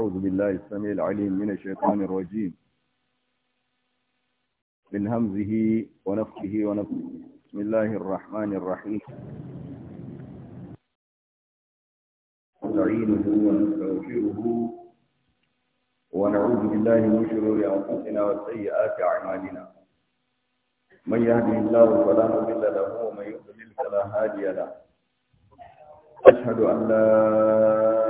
أعوذ بالله السميع العليم من الشيطان الرجيم من همزه ونفخه ونفخه بسم الله الرحمن الرحيم نستعينه ونستغفره ونعوذ بالله من شرور أنفسنا وسيئات أعمالنا من يهده الله فلا مضل له ومن يضلل فلا هادي له أشهد أن لا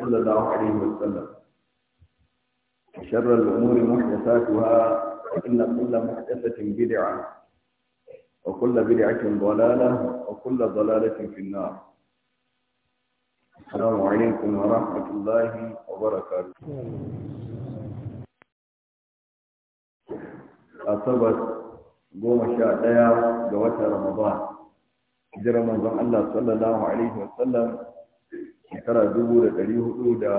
صلى الله عليه وسلم شر الأمور محدثاتها فإن كل محدثة بدعة وكل بدعة ضلالة وكل ضلالة في النار السلام عليكم ورحمة الله وبركاته أصبت قوم شاء ديا رمضان جرى منظم الله صلى الله عليه وسلم shekara dubu da ɗari hudu da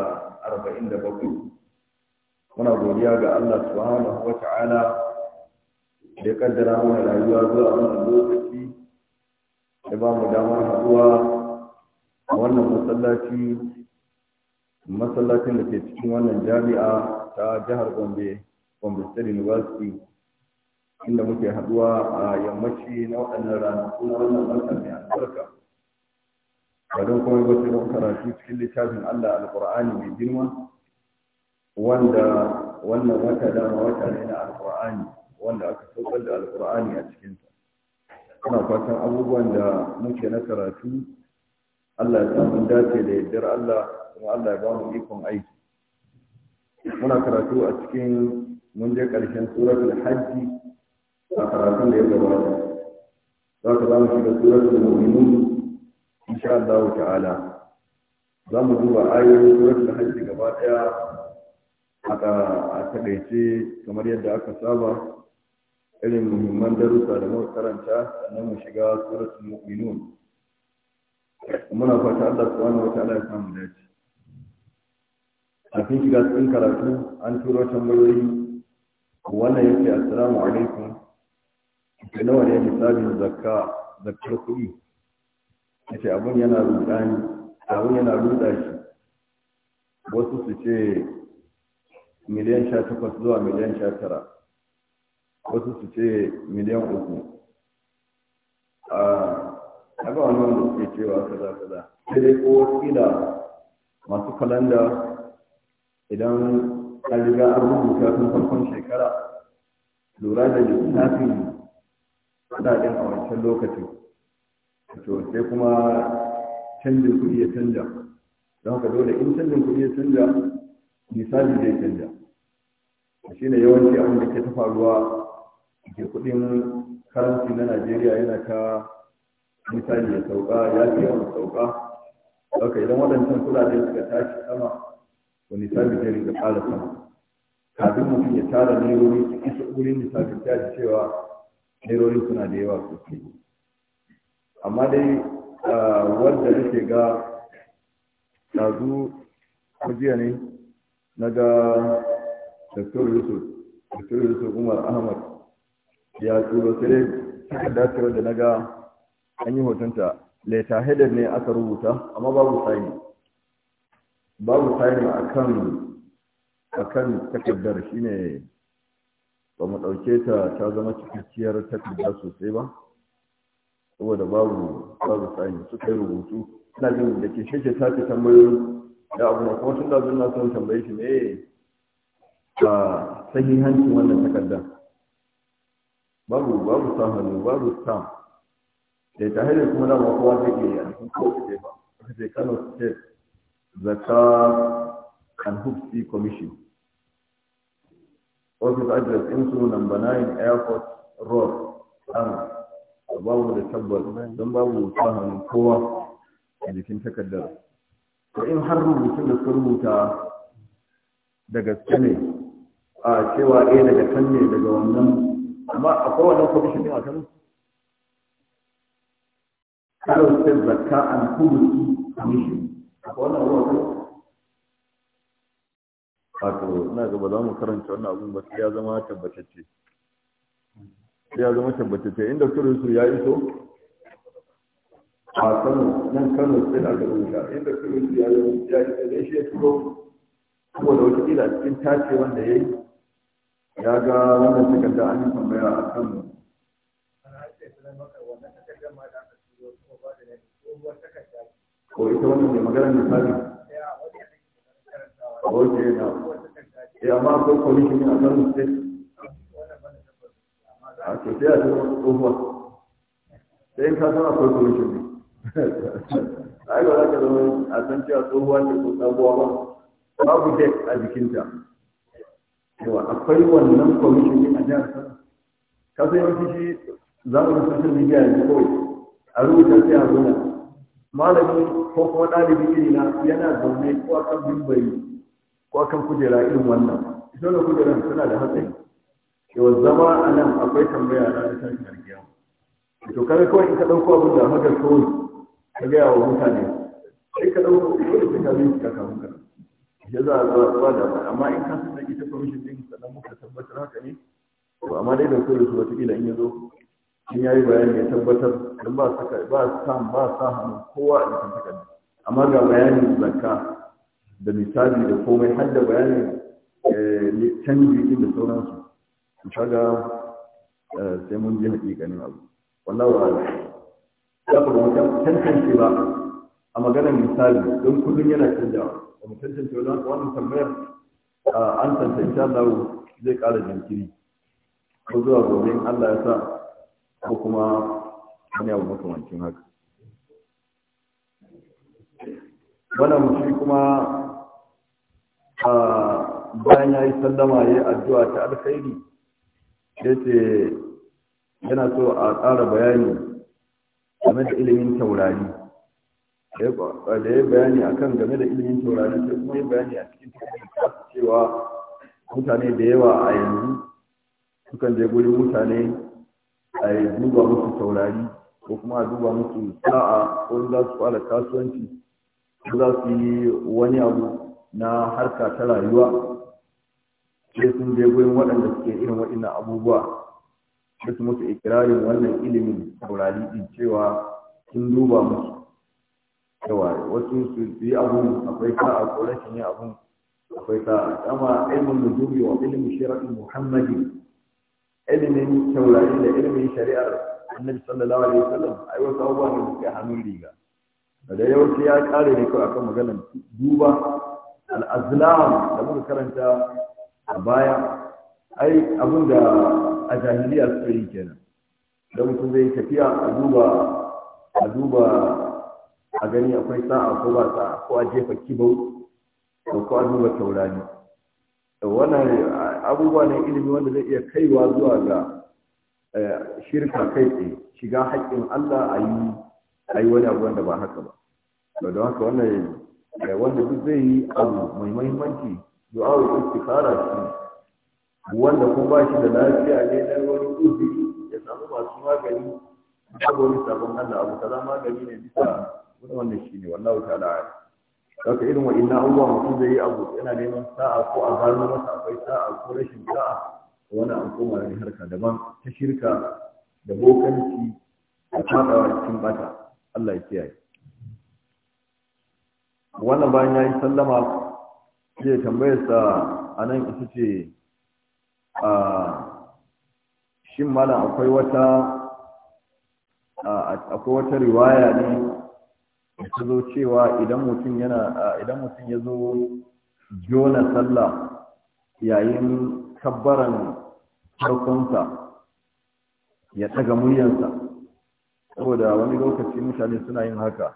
arba'in da bakwai muna godiya ga Allah subhanahu wa ta'ala da ya kaddara mana rayuwa zuwa wannan lokaci da ba mu damar haɗuwa a wannan masallaci masallacin da ke cikin wannan jami'a ta jihar Gombe Gombe State University inda muke haɗuwa a yammaci na waɗannan ranaku na wannan mai albarka. ba don kuma karatu cikin littafin Allah alqur'ani mai girma wanda wannan wata dama wata ne na alqur'ani wanda aka saukar da al'kur'ani a cikin sa ina fatan abubuwan da muke na karatu Allah ya mun dace da yaddar Allah kuma Allah ya ba mu ikon aiki muna karatu a cikin mun je karshen suratul hajji a karatun da ya gabata za ka za mu shiga suratul mu'minun sha Allah ta'ala za mu duba ayoyin da hajj gaba daya aka a takaice kamar yadda aka saba irin muhimman darussa da muka karanta sannan mu shiga suratul mu'minun muna fata Allah subhanahu wataala ya samu dace kafin shiga cikin karatu an turo tambayoyi wannan yake assalamu alaikum ke nawa ne misalin zakka zakkar kuɗi ya ce abin yana rudani abin yana ruda shi wasu su ce miliyan sha takwas zuwa miliyan sha tara wasu su ce miliyan uku a haka wani wanda suke cewa kaza kaza sai dai ko kila masu kalanda idan an riga an rubuta tun farkon shekara lura da littafin kudaden a wancan lokacin to sai kuma canjin kuɗi ya canja don haka dole in canjin kuɗi ya canja misali zai canja shi ne yawanci abin da ke ta faruwa ke kuɗin karanci na najeriya yana ta misali ya sauka ya fi yawan sauka haka idan waɗancan kuɗaɗe suka tashi sama to misali zai riga ƙara sama kafin mutum ya tara nerori su isa wurin misali ta cewa nerori suna da yawa sosai amma dai wanda nake ga ɗazu jiya ne na ga Dr. Yusuf Umar Ahmad ya turo sai dai takarda ce wadda na ga an yi hotonta leta header ne aka rubuta amma babu sayi babu sign akan akan takardar shine ba mu ɗauke ta ta zama cikakkiyar takarda sosai ba saboda babu babu tsani suka yi rubutu suna jin da ke shake sake tambayoyi da abu na kuma tun da na tambaye shi ne a sahihancin wannan takarda babu babu sa hannu babu sa da eh, ta hanyar kuma na kowa ta ke a cikin kowace ce ba aka ce kano state zaka and hubsi commission office address insu number 9 airport road kano babu da tabbas don babu rubutu hannun kowa a jikin takardar to in har rubutun da sun rubuta da gaske ne a cewa eh daga can ne daga wannan amma a wannan kwamishin din a kano kano sai zakka an kubuti kwamishin a kowane ruwa kano wato na gaba za mu karanta wannan abun ba sai ya zama tabbatacce ya zama tabbatacce inda turin su ya iso a Kano nan Kano sai da aka rubuta inda turin su ya yi iso ne shi ya turo da wata ila cikin tace wanda yi ya ga wannan takarda an yi tambaya a kan ko ita wannan ne magana misali ok na ya ma akwai ne a Kano state a a ai za a ko sabuwa ba babu a jikinta yawa akwai wannan ne a jihar shi zamanin social media kawai a rubuta sai a zuna malami ko kuma ɗalibi iri na yana zaune ko akan bimbari ko akan kujera irin wannan ita da kujeran suna da hatsari yau zama a nan akwai tambaya na da tashin harkiya to kare kawai in ka ɗauko abin da haka kawai ka gaya wa mutane sai ka ɗauko dole sai ka bincika kafin ka ya za a zuwa zuwa da amma in ka san da ita permission din sannan muka tabbatar haka ne to amma dai da kawai su wataƙila in ya zo in ya yi bayani ya tabbatar don ba sa ba sa ba sa hannu kowa a cikin takardu. amma ga bayanin zakka da misali da komai har da bayanin eh, canji da sauransu kaga eh, sai mun ji hakikanin abu wallahu a'lam ya ba mu tantance ba a maganar misali don kullum yana canjawa ba mu tantance wannan wannan tambayar an tantance insha Allah zai ƙara jinkiri ko zuwa gobe Allah ya sa ko kuma wani abu makamancin haka wannan shi kuma bayan ya yi sallama ya yi addu'a ta alkhairi ya yana so a tsara bayani game da ilimin taurari da ya bayani a kan game da ilimin taurari sai kuma ya bayani a cikin kasu cewa mutane da yawa a yanzu sukan je gurin mutane a yi duba musu taurari ko kuma a duba musu sa'a ko za su fara kasuwanci ko za su yi wani abu na harka ta rayuwa sai sun je gurin waɗanda suke irin waɗannan abubuwa sai su musu ikirarin wannan ilimin saurari din cewa sun duba musu yawa wasu su yi abun akwai sa'a ko rashin yi abun akwai sa'a amma ilimin nujubi wa ilmin shari'i muhammadi ilimin saurari da ilimin shari'ar annabi sallallahu alaihi wasallam ai wasu abubuwa ne suke hannun riga da yawanci ya kare ne kawai akan maganar duba al-azlam da muka karanta a baya ai abin da a jahiliya suka yi kenan da mutum zai tafiya a duba a duba a gani akwai sa'a ko ba sa'a ko a jefa kibau ko a duba taurari wannan abubuwa ne ilimi wanda zai iya kaiwa zuwa ga eh, shirka kai tsaye shiga haƙƙin Allah a yi a wani abu wanda ba haka ba Wanda haka wannan eh, wanda duk zai yi abu mai muhimmanci du'a istikhara shi wanda ko ba shi da lafiya ne da wani uzuri ya samu masu magani ya wani sabon Allah abu kaza magani ne bisa wani shi shine wallahu ta'ala kaka irin wa inna Allah mutum zai yi abu yana neman sa'a ko a gano masa akwai sa'a ko rashin sa'a wani an koma ne harka daban ta shirka da bokanci da fadawa cikin bata Allah ya kiyaye wannan bayan ya yi sallama tambayar tambayarsa a nan ita ce shin akwai wata akwai wata riwaya ne ta zo cewa idan mutum yana idan mutum ya zo jona sallah yayin kabbaran farkonsa ya daga muryarsa saboda wani lokaci mutane suna yin haka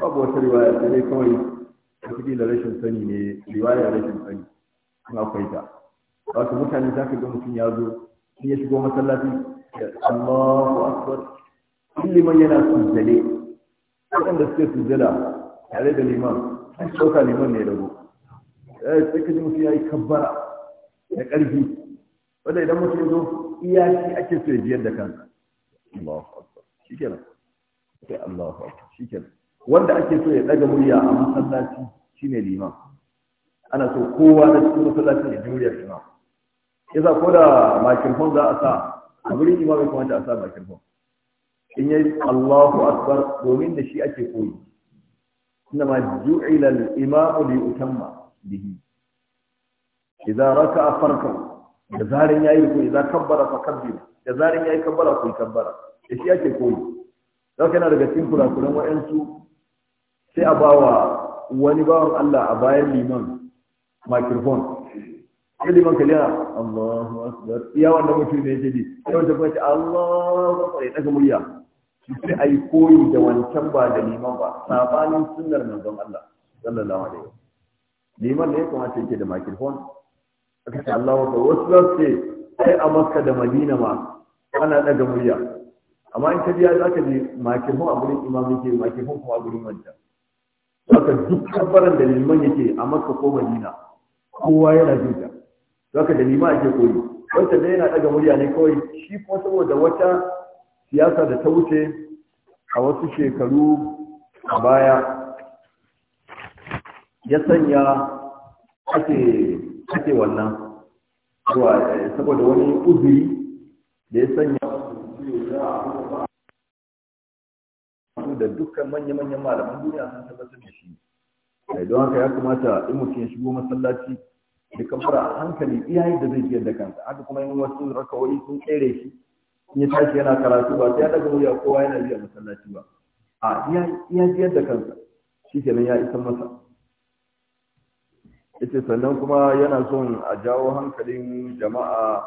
babu wata riwaya sai dai kawai wataƙila rashin sani ne riwaya rashin sani in akwai ta wato mutane za ka ga mutum ya zo in ya shigo masallaci ya Allahu akbar liman yana sujjale waɗanda suke sujjala tare da liman an ɗauka liman ne rago eh, sai ka ji mutum ya yi kabbara da ƙarfi wanda idan mutum ya zo iya shi ake so ya jiyar da kansa Allahu akbar shikenan sai Allahu akbar shikenan wanda ake so ya daga murya a masallaci shine liman ana so kowa na cikin masallaci ya ji muryar imam yasa ko da makirfon za a sa a wurin imam kuma ta sa makirfon in yi Allahu akbar domin da shi ake koyi ma ju'ila al-imam li utamma bihi idza raka'a farka da zarin yayi ko idza kabbara fa kabbir da zarin yayi kabbara ko kabbara da shi ake koyi Dauka yana daga cikin kurakuran wa'ansu sai a bawa wani bawan Allah a bayan liman microphone sai liman kalli a Allah Akbar iya wanda mutum ne yake ji sai wanda kuma ce Allahu Akbar ya daga murya sai a yi koyi da wancan ba da liman ba sabanin sunnar don Allah sallallahu alaihi wasallam liman ne ya ce yake da microphone aka ce Allah Akbar wasu za su ce sai a maska da Madina ma ana daga murya amma in ka biya za ka je microphone a gurin imam yake microphone kuma a gurin wancan haka duk kafaran da liman yake a maka ko madina kowa yana jin ta haka da liman ake koyi wanda da yana daga murya ne kawai shi ko saboda wata siyasa da ta wuce a wasu shekaru a baya ya sanya ake ake wannan saboda wani uzuri da ya sanya da dukkan manya-manyan malaman duniya sun tabbatar da shi ai eh, don haka ya kamata in mutum ya shigo masallaci da kamfara a hankali iya yadda zai biyar da kansa haka kuma in wasu rakawai sun tsere shi in ya tashi yana karatu ba sai ya daga wuya kowa yana biya masallaci ba a iya biyar da kansa shi kenan ya isa masa yace sannan kuma yana son a jawo hankalin jama'a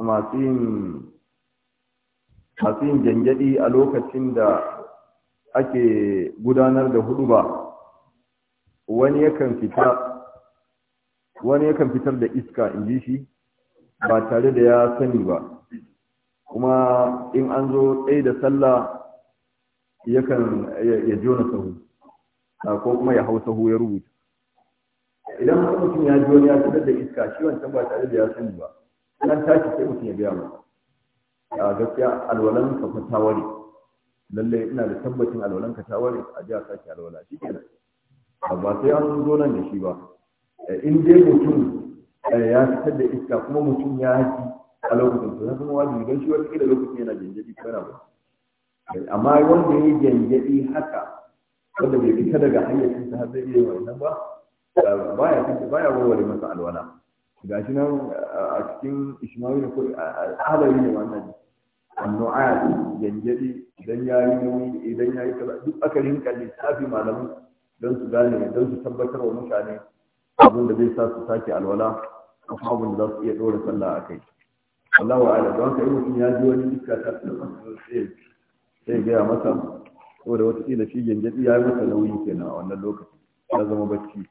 a masu yin masu yin gyangyaɗi a lokacin da ake gudanar da hudu wani wani yakan fitar da iska in ji shi ba tare da ya sani ba kuma in an zo ɗaya da sallah yakan ya jona sahu ko kuma ya hau sahu ya rubuta idan mutum ya ji wani ya fitar da iska shi wancan ba tare da ya sani ba nan tashi sai mutum ya biya mu. a gaskiya alwalan ka fa ta lalle ina da tabbacin alwalan ka ta ware a ji a sake alwala shi kenan ba sai an zo nan da shi ba eh, in dai mutum eh, ya fitar da iska kuma mutum ya haji a lokacin to zama wajibi don shi wata kila lokacin yana janjabi ko ba eh, amma wanda ya yi janjabi haka wanda bai fita daga hayyacin sa har zai iya wannan ba baya baya warware masa alwala ga shi nan a cikin ishmael ko al'adari ne wannan ayat yanjadi idan ya yi nauyi idan ya yi kaza duk aka kalli lissafi malamu don su gane don su tabbatar wa mutane abin da zai sa su sake alwala kuma abin da za su iya ɗora sallah a kai wallahu ala, don haka in mutum ya ji wani iska ta tsaka sai ya gaya masa saboda wata kila shi yanjadi ya yi masa nauyi kenan a wannan lokaci ya zama bacci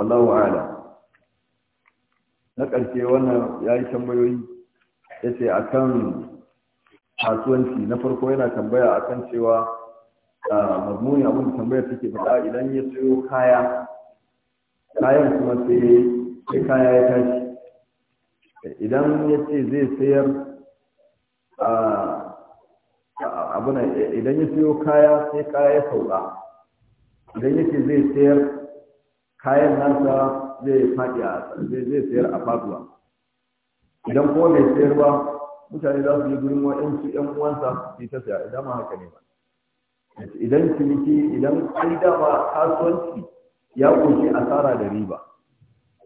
wallahu ala. na ƙarshe wannan ya yi tambayoyi ya ce a kan kasuwanci na farko yana tambaya a kan cewa mazmuni abin da tambayar take faɗa idan ya siyo kaya kayan kuma sai kaya ya tashi idan ya ce zai sayar abuna idan ya siyo kaya sai kaya ya sauka idan ya ce zai sayar kayan nasa zai faɗi a zai sayar a faduwa idan kuma bai sayar ba mutane za su yi gurin wa ‘yan uwansa su ta saya idan ma haka ne ba idan ciniki idan an dama kasuwanci ya kunshi asara da riba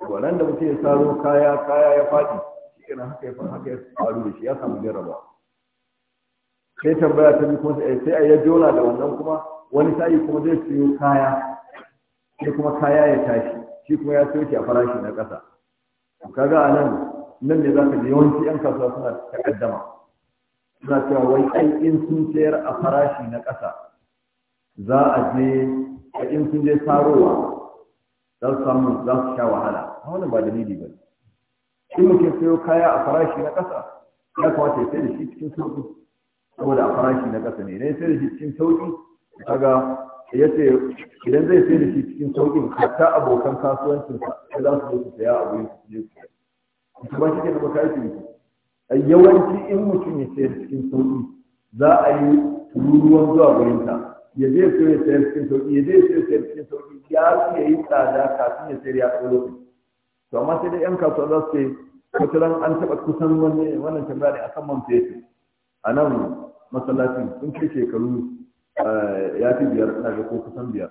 wannan da mutum ya saro kaya kaya ya faɗi shi haka ya haka ya faru da shi ya samu jarrabawa sai tambaya ta kuma sai a yi jona da wannan kuma wani sa'i kuma zai siyo kaya sai kuma kaya ya tashi shi kuma ya soke a farashi na ƙasa kaga a nan nan ne za ka yawanci 'yan kasuwa suna takaddama suna cewa wai ai in sun sayar a farashi na ƙasa za a je a in sun je sarowa za su samu za su sha wahala a wannan ba dalili ba shi muke sayo kaya a farashi na ƙasa ya kamata ya sai da shi cikin sauƙi saboda a farashi na ƙasa ne idan ya sai da shi cikin sauƙi kaga ya ce idan zai sai da shi cikin sauƙin hatta abokan kasuwancinsa ya za su zo su saya abu su je su saya ba shi ke da baka a yawanci in mutum ya sayar cikin sauƙi za a yi ruruwan zuwa gurinta ya zai so ya sayar cikin sauƙi ya zai so ya sayar cikin sauƙi ya fi ya yi tsada kafin ya sayar ya ɗau lokaci to amma sai dai 'yan kasuwa za su ce kuturan an taɓa kusan wannan tambaya ne kan man fetur a nan masallacin sun ce shekaru Eh, ya fi biyar na ga ko kusan biyar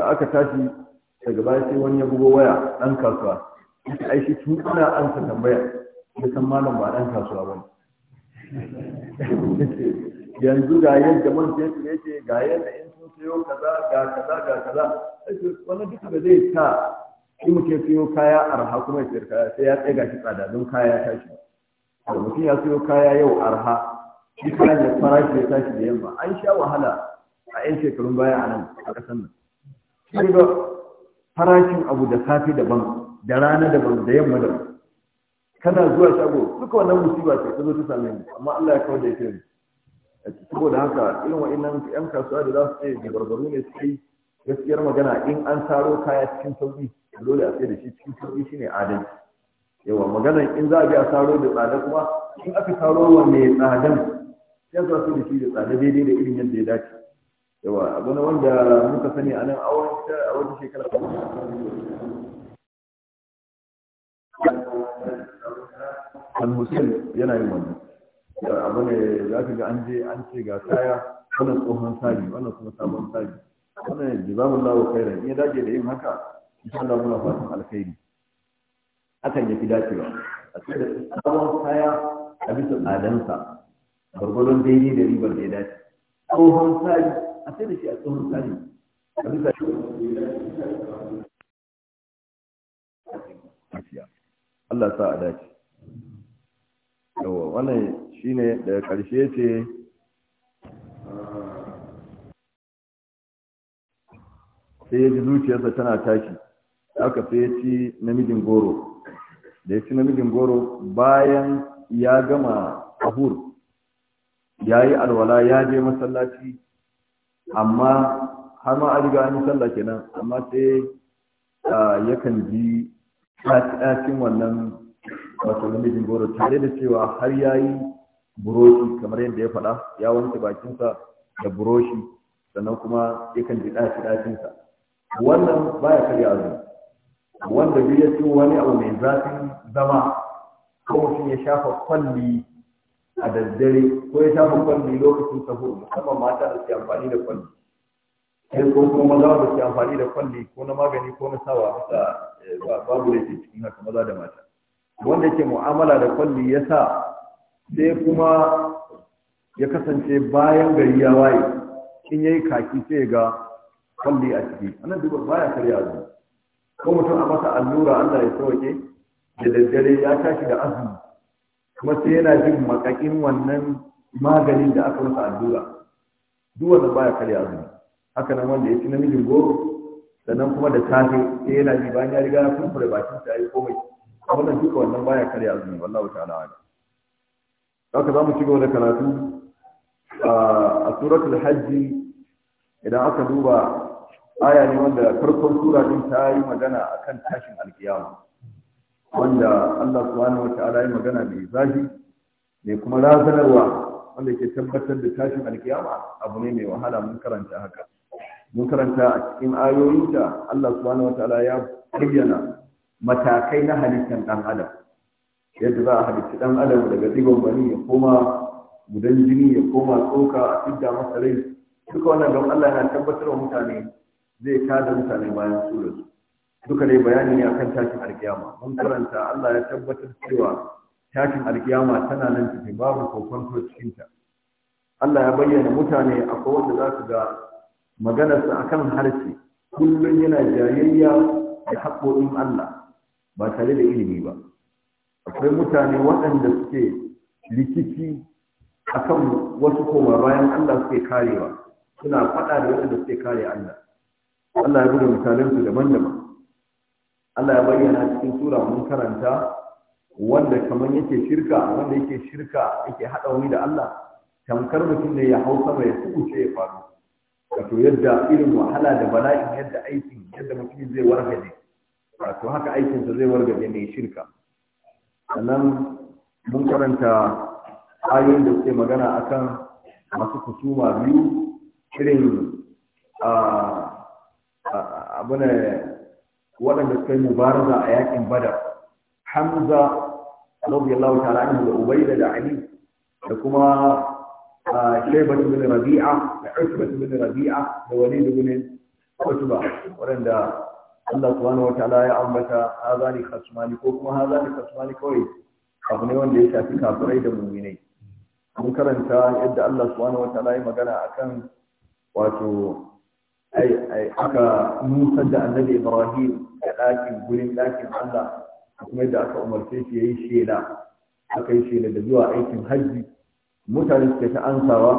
da aka tashi daga bayan sai wani ya bugo waya ɗan kasuwa ita ai shi tun ana an sa tambaya ya san malam ba ɗan kasuwa ba yanzu ga yadda man ne ce ga yadda in sun sayo kaza ga kaza ga kaza Wani duka da zai sa shi mutum sayo kaya a raha kuma ya sayar kaya sai ya tsaye ga shi tsada don kaya ya tashi mutum ya sayo kaya yau arha shi kayan farashi ya tashi da yamma an sha wahala a 'yan shekarun baya a nan a ƙasar nan sai ga farashin abu da safe daban da rana daban da yamma daban kana zuwa shago duka wannan musiba ce ta zo ta same ni amma Allah ya kawo da ni saboda haka irin wa'annan yan kasuwa da za su tsaye da barbaru ne su yi gaskiyar magana in an taro kaya cikin sauki dole a tsaye da shi cikin sauki shine adalci yawa magana in za a bi a taro da tsada kuma in aka taro wa mai tsadan ya za su da shi da tsada daidai da irin yadda ya dace yawa abu na wanda muka sani a nan a wata shekara ta al-musul yana yin wannan abu ne za ka ga an je an ce ga kaya wannan tsohon sari wannan kuma sabon sari wannan jizamun lawo kairan ya dace da yin haka insha Allah muna fatan alkhairi akan yafi dacewa a cikin sabon kaya a bisa tsadansa gwargwadon daidai da ribar da ya dace tsohon tsari a sai da shi a tsohon tsari a bisa Allah sa a dace yawa wannan ne da karshe ce sai ya ji zuciyarsa tana tashi aka sai ya ci namijin goro da ya ci namijin goro bayan ya gama ahur ya yi alwala ya je masallaci amma har ma an riga an sallah kenan amma sai yakan ji ɗacin wannan wato namijin goro tare da cewa har ya yi buroshi kamar yadda ya faɗa ya wanke bakinsa da buroshi sannan kuma yakan ji ɗaci ɗacinsa wannan baya karya azu wanda biyu ya ci wani abu mai zafin zama ko mutum ya shafa kwalli a daddare ko ya shafa kwalli lokacin sahur musamman mata da ke amfani da kwalli sai ko kuma maza da ke amfani da kwalli ko na magani ko na sawa masa eh, babu da ke cikin haka maza da mata wanda ke mu'amala da kwalli ya sa sai kuma ya kasance bayan gari ya waye in yayi kaki sai ga kwalli a ciki anan duba baya karya azumi ko mutum a masa allura Allah ya sauke da daddare ya tashi da azumi kuma sai yana jin makakin wannan maganin da aka masa allura duk wanda baya karya azu haka nan wanda ya ci namijin goro sannan kuma da safe sai yana ji bayan ya riga ya kumfura bakin sa yayi komai wannan duka wannan baya karya azumi wallahi ta'ala ala haka zamu ci gaba da karatu a suratul hajji idan aka duba aya ne wanda farkon sura din ta yi magana akan tashin alkiyama wanda Allah subhanahu wata'ala ya magana mai zafi mai kuma razanarwa wanda ke tabbatar da tashin alkiyama abu ne mai wahala mun karanta haka mun karanta a cikin ayoyinta Allah subhanahu wata'ala ya bayyana matakai na halittar dan adam yadda za a halitta dan adam daga digon bani ya koma gudan jini ya koma tsoka a fidda masa rai duka wannan don Allah yana tabbatar wa mutane zai tada mutane bayan su da su duka dai bayani ne akan tashin alkiyama mun karanta Allah ya tabbatar cewa tashin alkiyama tana nan tafi babu kokonto cikin ta Allah ya bayyana mutane akwai wanda za su ga maganarsa akan harshe kullum yana jayayya da haƙoƙin Allah ba tare da ilimi ba akwai mutane waɗanda suke rikici akan wasu koma bayan Allah suke karewa suna faɗa da waɗanda suke kare Allah Allah ya gudu misalansu daban-daban Allah ya bayyana cikin sura mun karanta wanda kamar yake shirka wanda yake shirka yake hada wani da Allah tamkar mutum ne ya hau sama ya kuce ya faru wato yadda irin wahala da bala'in yadda aikin yadda mutum zai wargaje wato haka aikinsa zai wargaje mai shirka sannan mun karanta ayoyin da suke magana akan masu kutuma biyu irin ah, ah, abuna waɗanda suka yi mubaraza a yakin badar hamza radiyallahu ta'ala anhu da ubaida da ali da kuma shaibat bin rabi'a da usbat bin rabi'a da walid bin utba waɗanda Allah subhanahu wataala ya ambata hazani khasmani ko kuma hazani khasmani kawai abu ne wanda ya shafi kafirai da mu'minai mun karanta yadda Allah subhanahu wataala ya magana akan wato aka nusar da annabi ibrahim da ɗakin gurin ɗakin allah kuma yadda aka umarce shi ya yi shela aka yi shela da zuwa aikin hajji mutane suka ta ansawa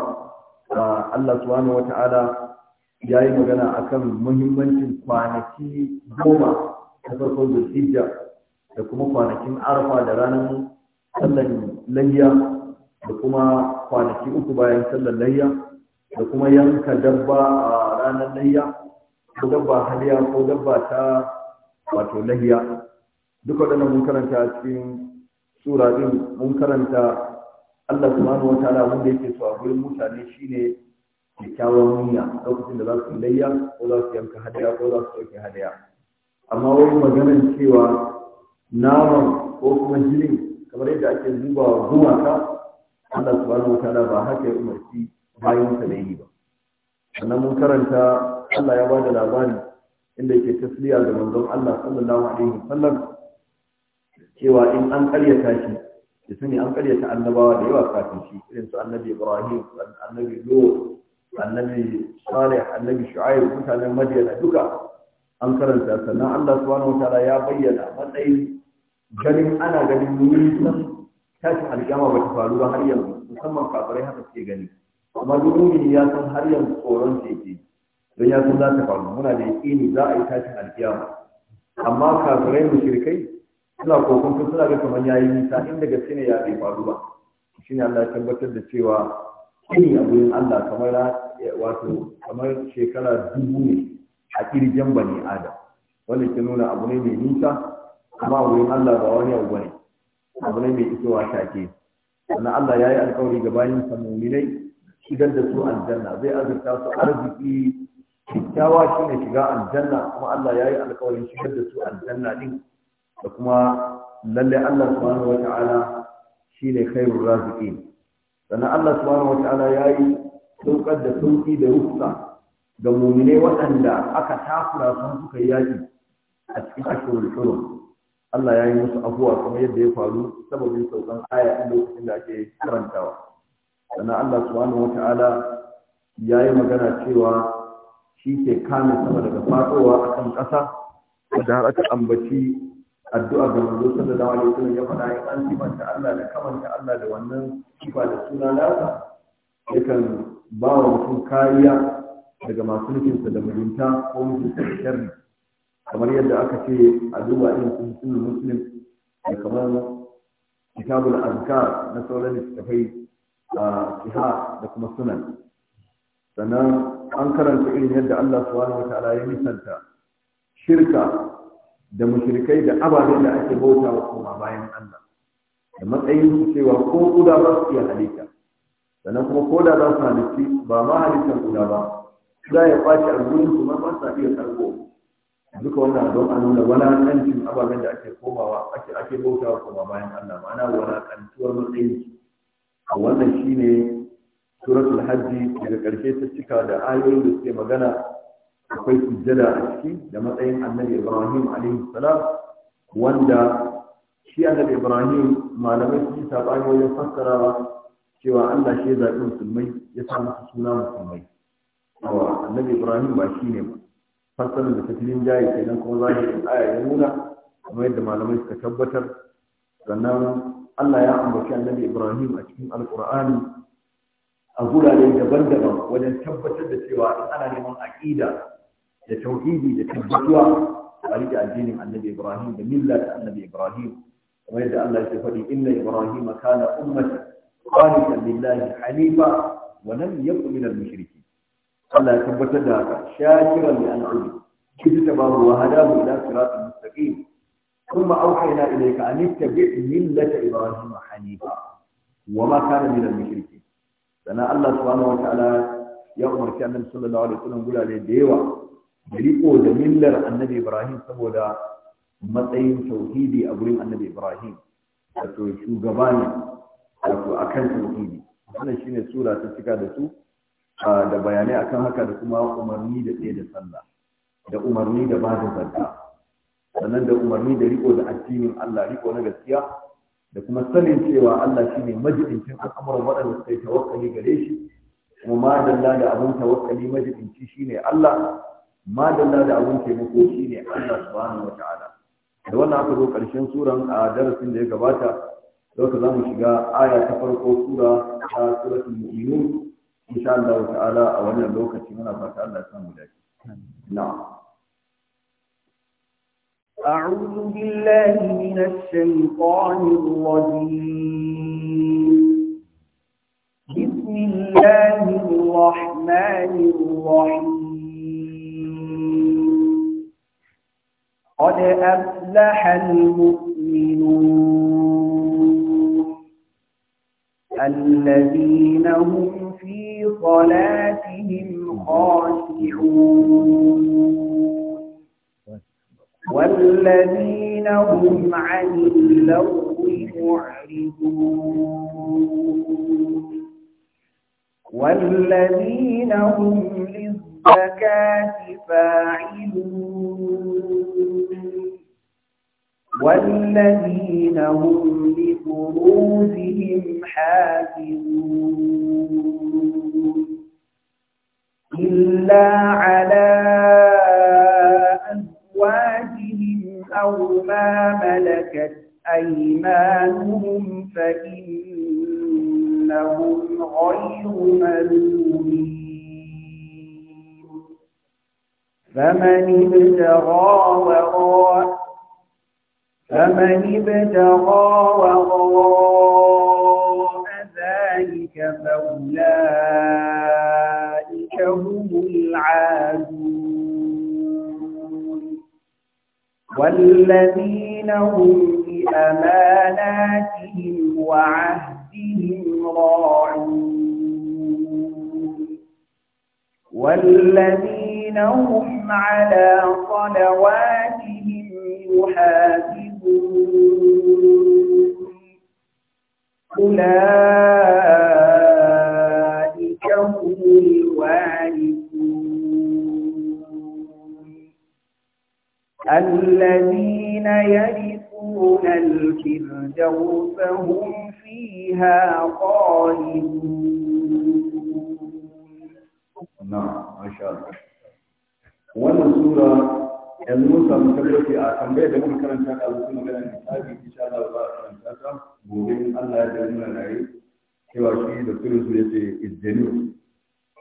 allah subhanahu wata'ala ya yi magana akan muhimmancin kwanaki goma ta farkon zulhijja da kuma kwanakin arfa da ranar sallan layya da kuma kwanaki uku bayan sallan layya da kuma yanka dabba a ranar layya, ko dabba haliya ko dabba ta wato lahiya duk waɗannan mun karanta a cikin sura din mun karanta Allah subhanahu wa ta'ala wanda yake so a gurin mutane shine kyakkyawan niyya lokacin da za su layya ko za su yanka hadiya ko za su ɗauki hadiya amma wai maganar cewa naman ko kuma jinin kamar yadda ake zuba gumaka Allah subhanahu wa ta'ala ba haka ya umarci bayan sa da ba sannan mun karanta Allah ya bada labari inda yake tasliya ga manzon Allah sallallahu alaihi wasallam cewa in an ƙaryata shi ya sani an karyata annabawa da yawa kafin shi irin su annabi Ibrahim annabi Lut annabi Salih annabi Shu'aib mutanen Madiyana duka an karanta sannan Allah subhanahu wataala ya bayyana matsayin ganin ana ganin nisan tashin alƙiyama ba ta faru ba har yanzu musamman kafirai haka suke gani amma duk mumini ya san har yanzu tsoron sa don ya san za ta faru muna da yaƙini za a yi tashin alkiyama amma kafirai shirkai suna kokonkun suna ga kamar yayi nisa inda gaske ne ya bai faru ba shine Allah ya tabbatar da cewa kini a Allah kamar shekara dubu ne a kirjan bani adam wanda ke nuna abu ne mai nisa amma a Allah ba wani abu ne abu ne mai isowa take sannan Allah ya yi alkawari ga bayan sa mu'minai shigar da su aljanna zai azurta su arziki kyakkyawa shi ne shiga aljanna kuma Allah ya yi alkawarin shigar da su aljanna din da kuma lalle Allah subhanahu wa ta'ala shi ne khairun raziki sannan Allah subhanahu wa ta'ala ya yi saukar da sauki da rufsa ga mumine waɗanda aka takura sun suka yaƙi a cikin ashirin shirin Allah ya yi musu afuwa kuma yadda ya faru sababin saukan aya a lokacin da ake karantawa. sannan Allah subhanahu wata'ala ya yi magana cewa shi ke kame sama daga fadowa a kan ƙasa wadda har aka ambaci addu'a ga manzo sallallahu alaihi wasallam ya faɗa ya an sifanta Allah da kamanta Allah da wannan sifa da suna nasa yakan ba wa mutum kariya daga masu nufinsa da mugunta ko nufinsa da sharri kamar yadda aka ce a duba irin sunan muslim da kamar kitabul azkar na sauran littattafai siha da kuma sunan sannan an karanta irin yadda Allah subhanahu wa ta'ala ya nisanta shirka da mushrikai da ababen da ake bauta wa kuma bayan Allah da matsayin su cewa ko kuda ba su iya halitta sannan kuma ko da za su halitta ba ma halittar kuda ba za ya kwace a gurin su ma ba su iya sarko duka wannan don a nuna walakancin ababen da ake komawa ake bauta wa kuma bayan Allah ma'ana wani walakantuwar matsayin su a wannan shine suratul hajji daga ƙarshe ta cika da ayoyin da suke magana akwai sujjada a ciki da matsayin annabi ibrahim alaihi salam wanda shi annabi ibrahim malamai su yi saɓani wajen fassarawa cewa allah shi ya zaɓi musulmai ya sa musu suna musulmai awa annabi ibrahim ba shi ne ba fassarar da ta filin jayi kenan kuma zahirin aya ya nuna kamar yadda malamai suka tabbatar sannan Allah ya ambaci annabi Ibrahim a cikin Alƙur'ani a gurare daban-daban wajen tabbatar da cewa in ana neman aƙida da tauhidi da tabbatuwa a rike addinin annabi Ibrahim da milla da annabi Ibrahim kamar yadda Allah ya faɗi inna Ibrahim kana ummatan qanitan lillahi hanifa wa lam yakun minal mushrikeen Allah ya tabbatar da haka shakiran li an'ami kidda babu wa hadahu ila siratal mustaqim ثم أوحينا إليك أن اتبع ملة إبراهيم حنيفا وما كان من المشركين لأن الله سبحانه وتعالى ya umarci annabi sallallahu alaihi wasallam gurare da yawa da riko da millar annabi ibrahim saboda matsayin tauhidi a gurin annabi ibrahim wato shugaba ne wato akan tauhidi wannan shine sura ta cika da su da bayanai akan haka da kuma umarni da tsaye da sallah da umarni da bada da sannan da umarni da riko da addinin Allah riko na gaskiya da kuma sanin cewa Allah shi ne majidincin al'amuran waɗanda suka yi tawakkali gare shi kuma madalla da abun tawakkali majidinci ne Allah madalla da abun taimako shi ne Allah subhanahu wa ta'ala. da wannan aka zo ƙarshen suran a darasin da ya gabata lokacin za mu shiga aya ta farko sura ta suratul mu'minun insha Allah ta'ala a wannan lokaci muna fata Allah ya samu dace na'am أعوذ بالله من الشيطان الرجيم بسم الله الرحمن الرحيم قد أفلح المؤمنون الذين هم في صلاتهم خاشعون والذين هم عن اللغو معرضون والذين هم للزكاة فاعلون والذين هم لفروجهم حافظون إلا على أو ما ملكت أيمانهم فإنهم غير ملومين فمن ابتغى وراء فمن ابتغى وراء ذلك فأولئك هم العادون والذين هم بأماناتهم وعهدهم راعون والذين هم على صلواتهم يحافظون أولئك الذين يرثون الفردوس هم فيها خالدون نعم ما شاء الله وانا سورة الموسى مسبب في بيت بيه دمو مكان شاك الله سنة ان شاء الله الله سنة شاك بوغين الله جلنا نعي كيواشي دكتور سنة يسي إزدنو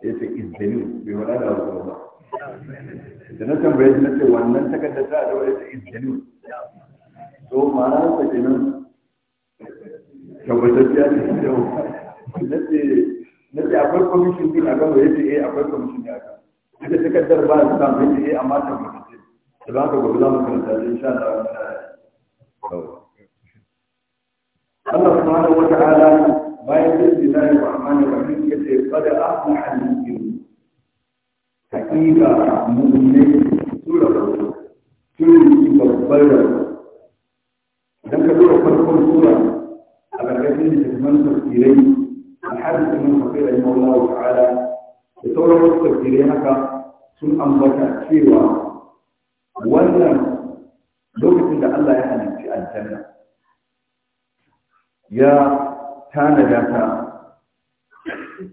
يسي إزدنو بيولاد الله سنة da na tambaye shi na ce wannan takardar ta da wani ta izini to ma'ana ke kenan tabbatacciya ne yau na ce na ce akwai kwamishin din a gano ya ce eh akwai kwamishin ya kan gaba ita takardar ba ta samu ya ce eh amma tabbatacce da ba ka gobe za mu karanta ta insha Allah wani Allah subhanahu wa ta'ala bayan zai zai zai wa amana wa min yace qad aflaha al-mu'minun hakika mummunai sura sun yi babbar rabu idan ka dora farkon sura a ƙarƙashin da jikin tafsirai alhadis ibn kafir rahimahullahu ta'ala da sauran wasu tafsirai haka sun ambata cewa wannan lokacin da Allah ya halicci aljanna ya tanada ta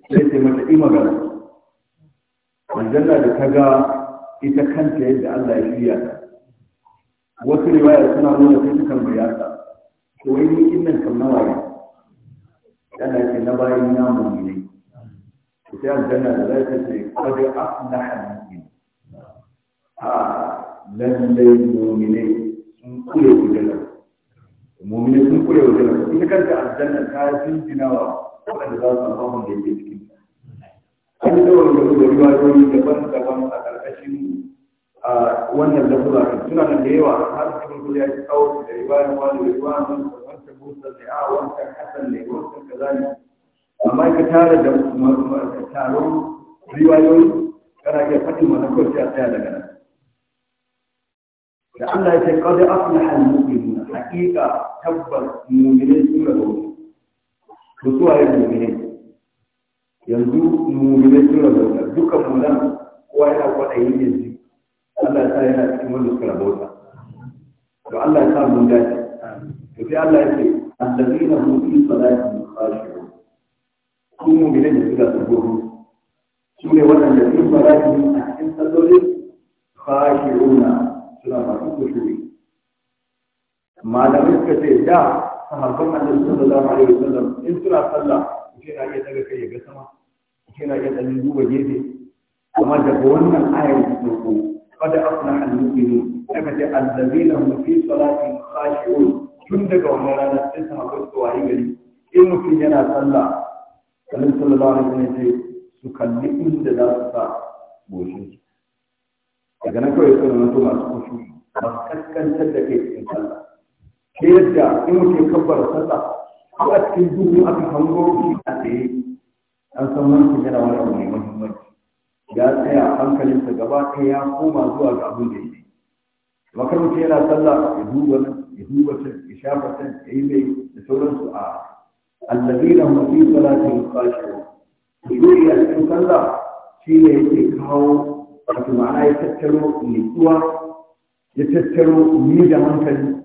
sai sai mata imagana aljanna da ta ga ita kanta yadda Allah ya shirya ta wasu riwaya suna nuna sai ta tambaya ta to wai ni innan kan nawa ne yana ce na bayan na mu'mini to sai aljanna da za zai ce qad aflaha al-mu'min a lallai mu'mini sun kure gudana mu'mini sun kure gudana ita kanta aljanna ta jinjinawa wanda za su samu da yake cikin an yi tsawon da da riwayoyi daban-daban a ƙarƙashin wannan lafura suna nan da yawa har cikin kudu ya ci tsawo da riwayoyin wani da riwayoyin wani wancan musa ne a wancan hasan ne wancan kaza ne amma ka tare da taron riwayoyi kana iya faɗin mana kawai sai a tsaya daga nan da Allah ya ce qad aflaha al-mu'minuna haqiqa tabbas mu'minai sun rabu to su waye mu'minai yanzu mummunai sun bauta, duka mu kowa yana kwaɗayin yanzu Allah ya sa yana cikin wani suka bauta to Allah ya sa mun dace to sai Allah ya ce mun hum salati salatihim khashi'un su mummunai da suka tsoro su ne waɗanda fi salatihim a cikin sallolin na, suna masu kushuri malamai suka ce da sahabban annabi sallallahu alaihi wasallam in suna sallah ke na iya daga kai ya ga sama yana iya ɗan duba gefe amma daga wannan ayar da ko kada afna al-mu'minu daga da allazina hum fi salatin khashi'un tun daga wannan rana sai sahabbai su wayi gari in mutum yana sallah kalin sallallahu alaihi wasallam ce su kalli inda za su sa goshin su daga nan kawai suna mutum masu kushi masu kaskantar da kai cikin sallah Ke yadda in mutum kabbara sallah ko a cikin duhu aka hango shi a tsaye an san wani yana wani abu mai muhimmanci ya tsaya hankalinsa gaba ɗaya ya koma zuwa ga abin da yake makar mutum yana sallah ya duba ya duba can ya shafa can ya yi mai da sauransu a allazina hum fi salatihim khashi'un khushu'i a cikin sallah ya yake kawo wato ma'ana ya tattaro nutsuwa ya tattaro ni da hankali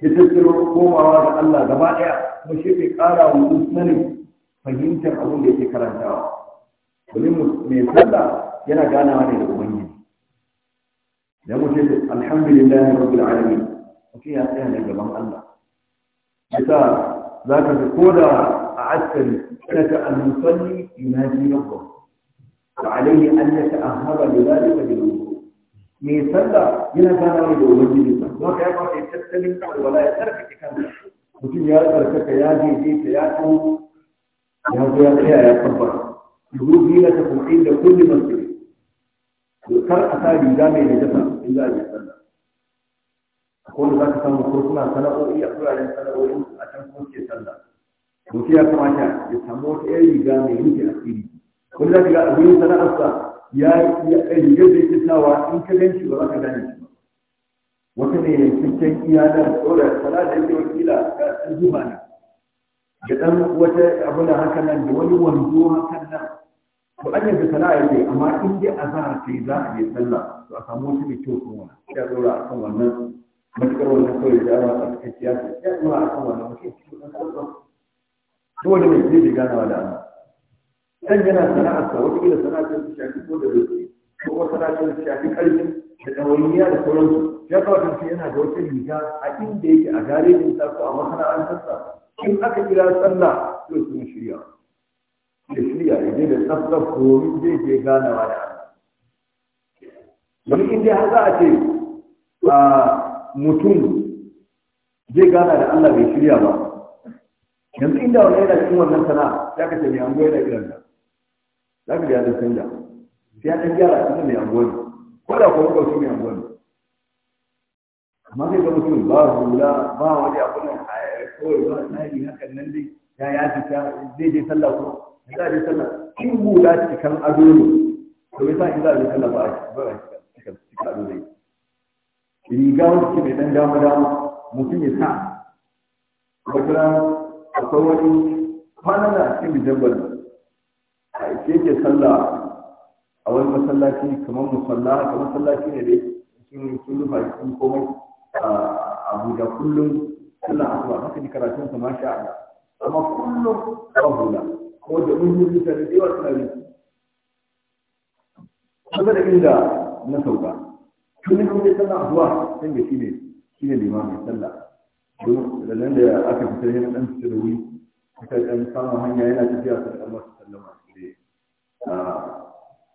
ya tattaro komawa ga Allah gaba ɗaya kuma shi ke ƙara wa mutum sanin fahimtar abin da yake karantawa domin mai sallah yana ganawa ne da ubangiji da mutum alhamdulillah rabbil alamin mutum ya tsaya ne gaban Allah yasa za ka fi ko da a askari kana ta al-musalli yunaji rabbahu wa alayhi an da yata'ahhara li dhalika bil mai sallah yana ne da ubangiji sa don ka ya fara tattalin alwala ya tsarkake kansa mutum ya tsarkaka ya daidaita ya tsoho ya zo ya tsaya ya kabbara yuhu zinatakum inda kulli masjid to kar a sa riga mai najasa in za a yi sallah ko da zaka samu ko suna sana'o'i a turaren sana'o'i a can kuma ke sallah to sai ya kamata ya samu wata yan riga mai rufe asiri ko da zaka ga a wurin sana'arsa ya ya riga da yake sawa in ka gan shi ba za ka gane shi ba wata ne yankakken iyalan dole sana'a da yake wakila ga zuba ne da dan wata abu da haka nan da wani wando haka nan to an yanzu sana'a yake amma in dai azhar sai za a je sallah to a samu wata mai kyau kuma ya dora kan wannan matukar wannan kawai da dama a cikin siyasa ya dora kan wannan mutum to wani mai zai ganawa da Allah dan yana sa, wata kila sana'ar ta shafi ko da rufi ko wata sana'ar ta shafi karfin da ɗawainiya da sauransu ya kawata yana da wata riga a inda yake a garejinsa ko a masana'antarsa in aka kira sallah to sun shirya ya shirya ya je da tsaftsaf domin zai je ganawa da wani in dai za a ce a mutum zai gana da Allah bai shirya ba yanzu inda wani yana cikin wannan sana'a ya kace mai ango yana irin da za ka ya san da sai ya dan gyara cikin mai an ne ko da kuma kauce mai an ne amma sai ga mutum ba hula ba wani abu a kawai ba tsari hakan nan dai ya ya fita zai je sallah ko ya za a je sallah in hula cikin ado ne to ya sa in za a je sallah ba a cikin cikin ado ne riga wani ce mai dan dama dama mutum ya sa wata akwai wani kwanan na cikin bijabbar a ke ke sallah a wani masallaci kamar musalla kamar masallaci ne dai sun sun rufa cikin komai a abuja kullum Allah akbar haka ne karatun sa masha Allah amma kullum rahula ko da mun yi ta da yawa tsari kuma da inda na sauka tun mun yi sallah zuwa san da shine shine mai sallah don da nan da aka fita yana dan fita da wuri aka dan samu hanya yana tafiya sai Allah sallama sai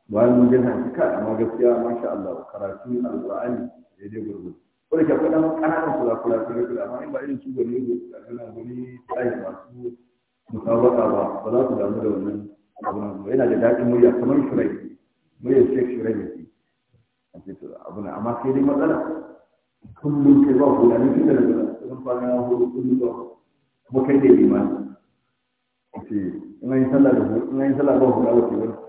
bayan mun gina shi kai amma gaskiya masha Allah karatu Al-Qur'ani, alqur'ani daidai gurgurdu ko da ke akwai ɗan ƙananan kula-kula kula kula amma in ba irin su gani gwani gwani tsayi masu musabaka ba ba za su damu da wannan abunan ba yana da daɗin murya kamar shirai murya shek shirai ne abunan amma sai dai matsala kullum kai ba kula ne tun da daga sun fara ya hudu kullum ba kuma kai ne limani ce in an yi sallah da in an yi sallah ba hula wace wani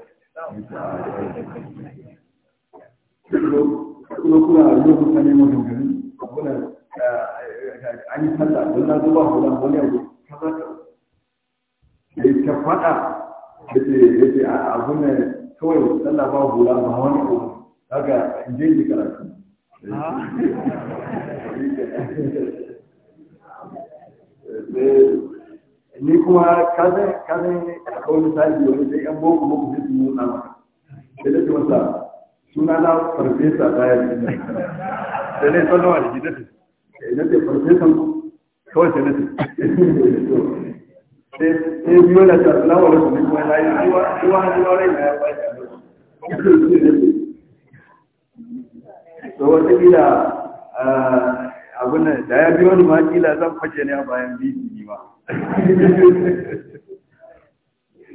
kuma a lokacin ne mutum abunan eh, an yi sallah don na zuba hula wani abu kaza ta ya ta faɗa ya ce ya ce abunan kawai sallah ba hula ba wani abu daga inje yi karatu eh, ni kuma kaza kaza ne a kawai misali wani sai yan boko boko sai nuna maka sai da ce masa suna na farfesa ta da ne sallama da gidansu idan da eh, farfesan kawai sai nace sai sai biyo na ta salamu alaikum ne kuma yayi aiwa aiwa hadi wa rai ya ba to wata kila eh, abin da ya biyo ni ma kila zan fashe ne a bayan bibi ni ma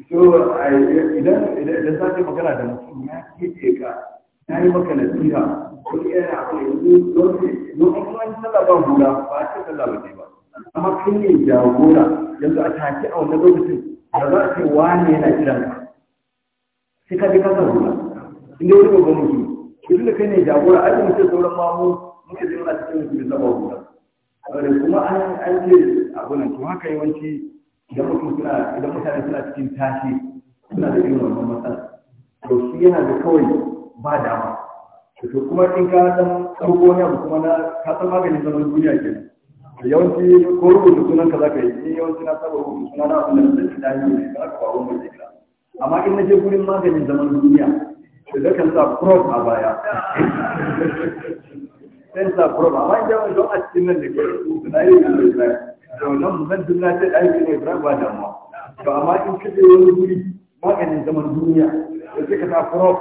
to idan idan idan sai magana da mutum ya kike ka yi maka nasiha kun yana akwai wani lokaci mun kuma an sallah ba hula ba a cikin sallah ba ba amma kai ne jagora yanzu a take a wannan lokacin da za a ce wani yana jiran ka sai ka je ka sa inda wani babban mutum duk da kai ne jagora a mun ce sauran mamu muke zai muna cikin mutum da ba hula kuma an an ce abu nan to haka yawanci idan mutum suna idan mutane suna cikin tashi suna da irin wannan matsala to shi yana da kawai ba dama to kuma in ka san ɗauko ne abu kuma na ka san maganin zaman duniya ke a yawanci ko rubuta sunan ka zaka yi in yawanci na saba rubuta suna na abin da zai ta yi ne ba ka mai zikira amma in na je gurin maganin zaman duniya to da kan sa prof a baya sai sa prof amma in jama'a don a cikin nan da ke rubuta na yi ne da to nan zan dinna ta ɗaki ne ba damuwa to amma in kaje wani guri maganin zaman duniya da suka sa crop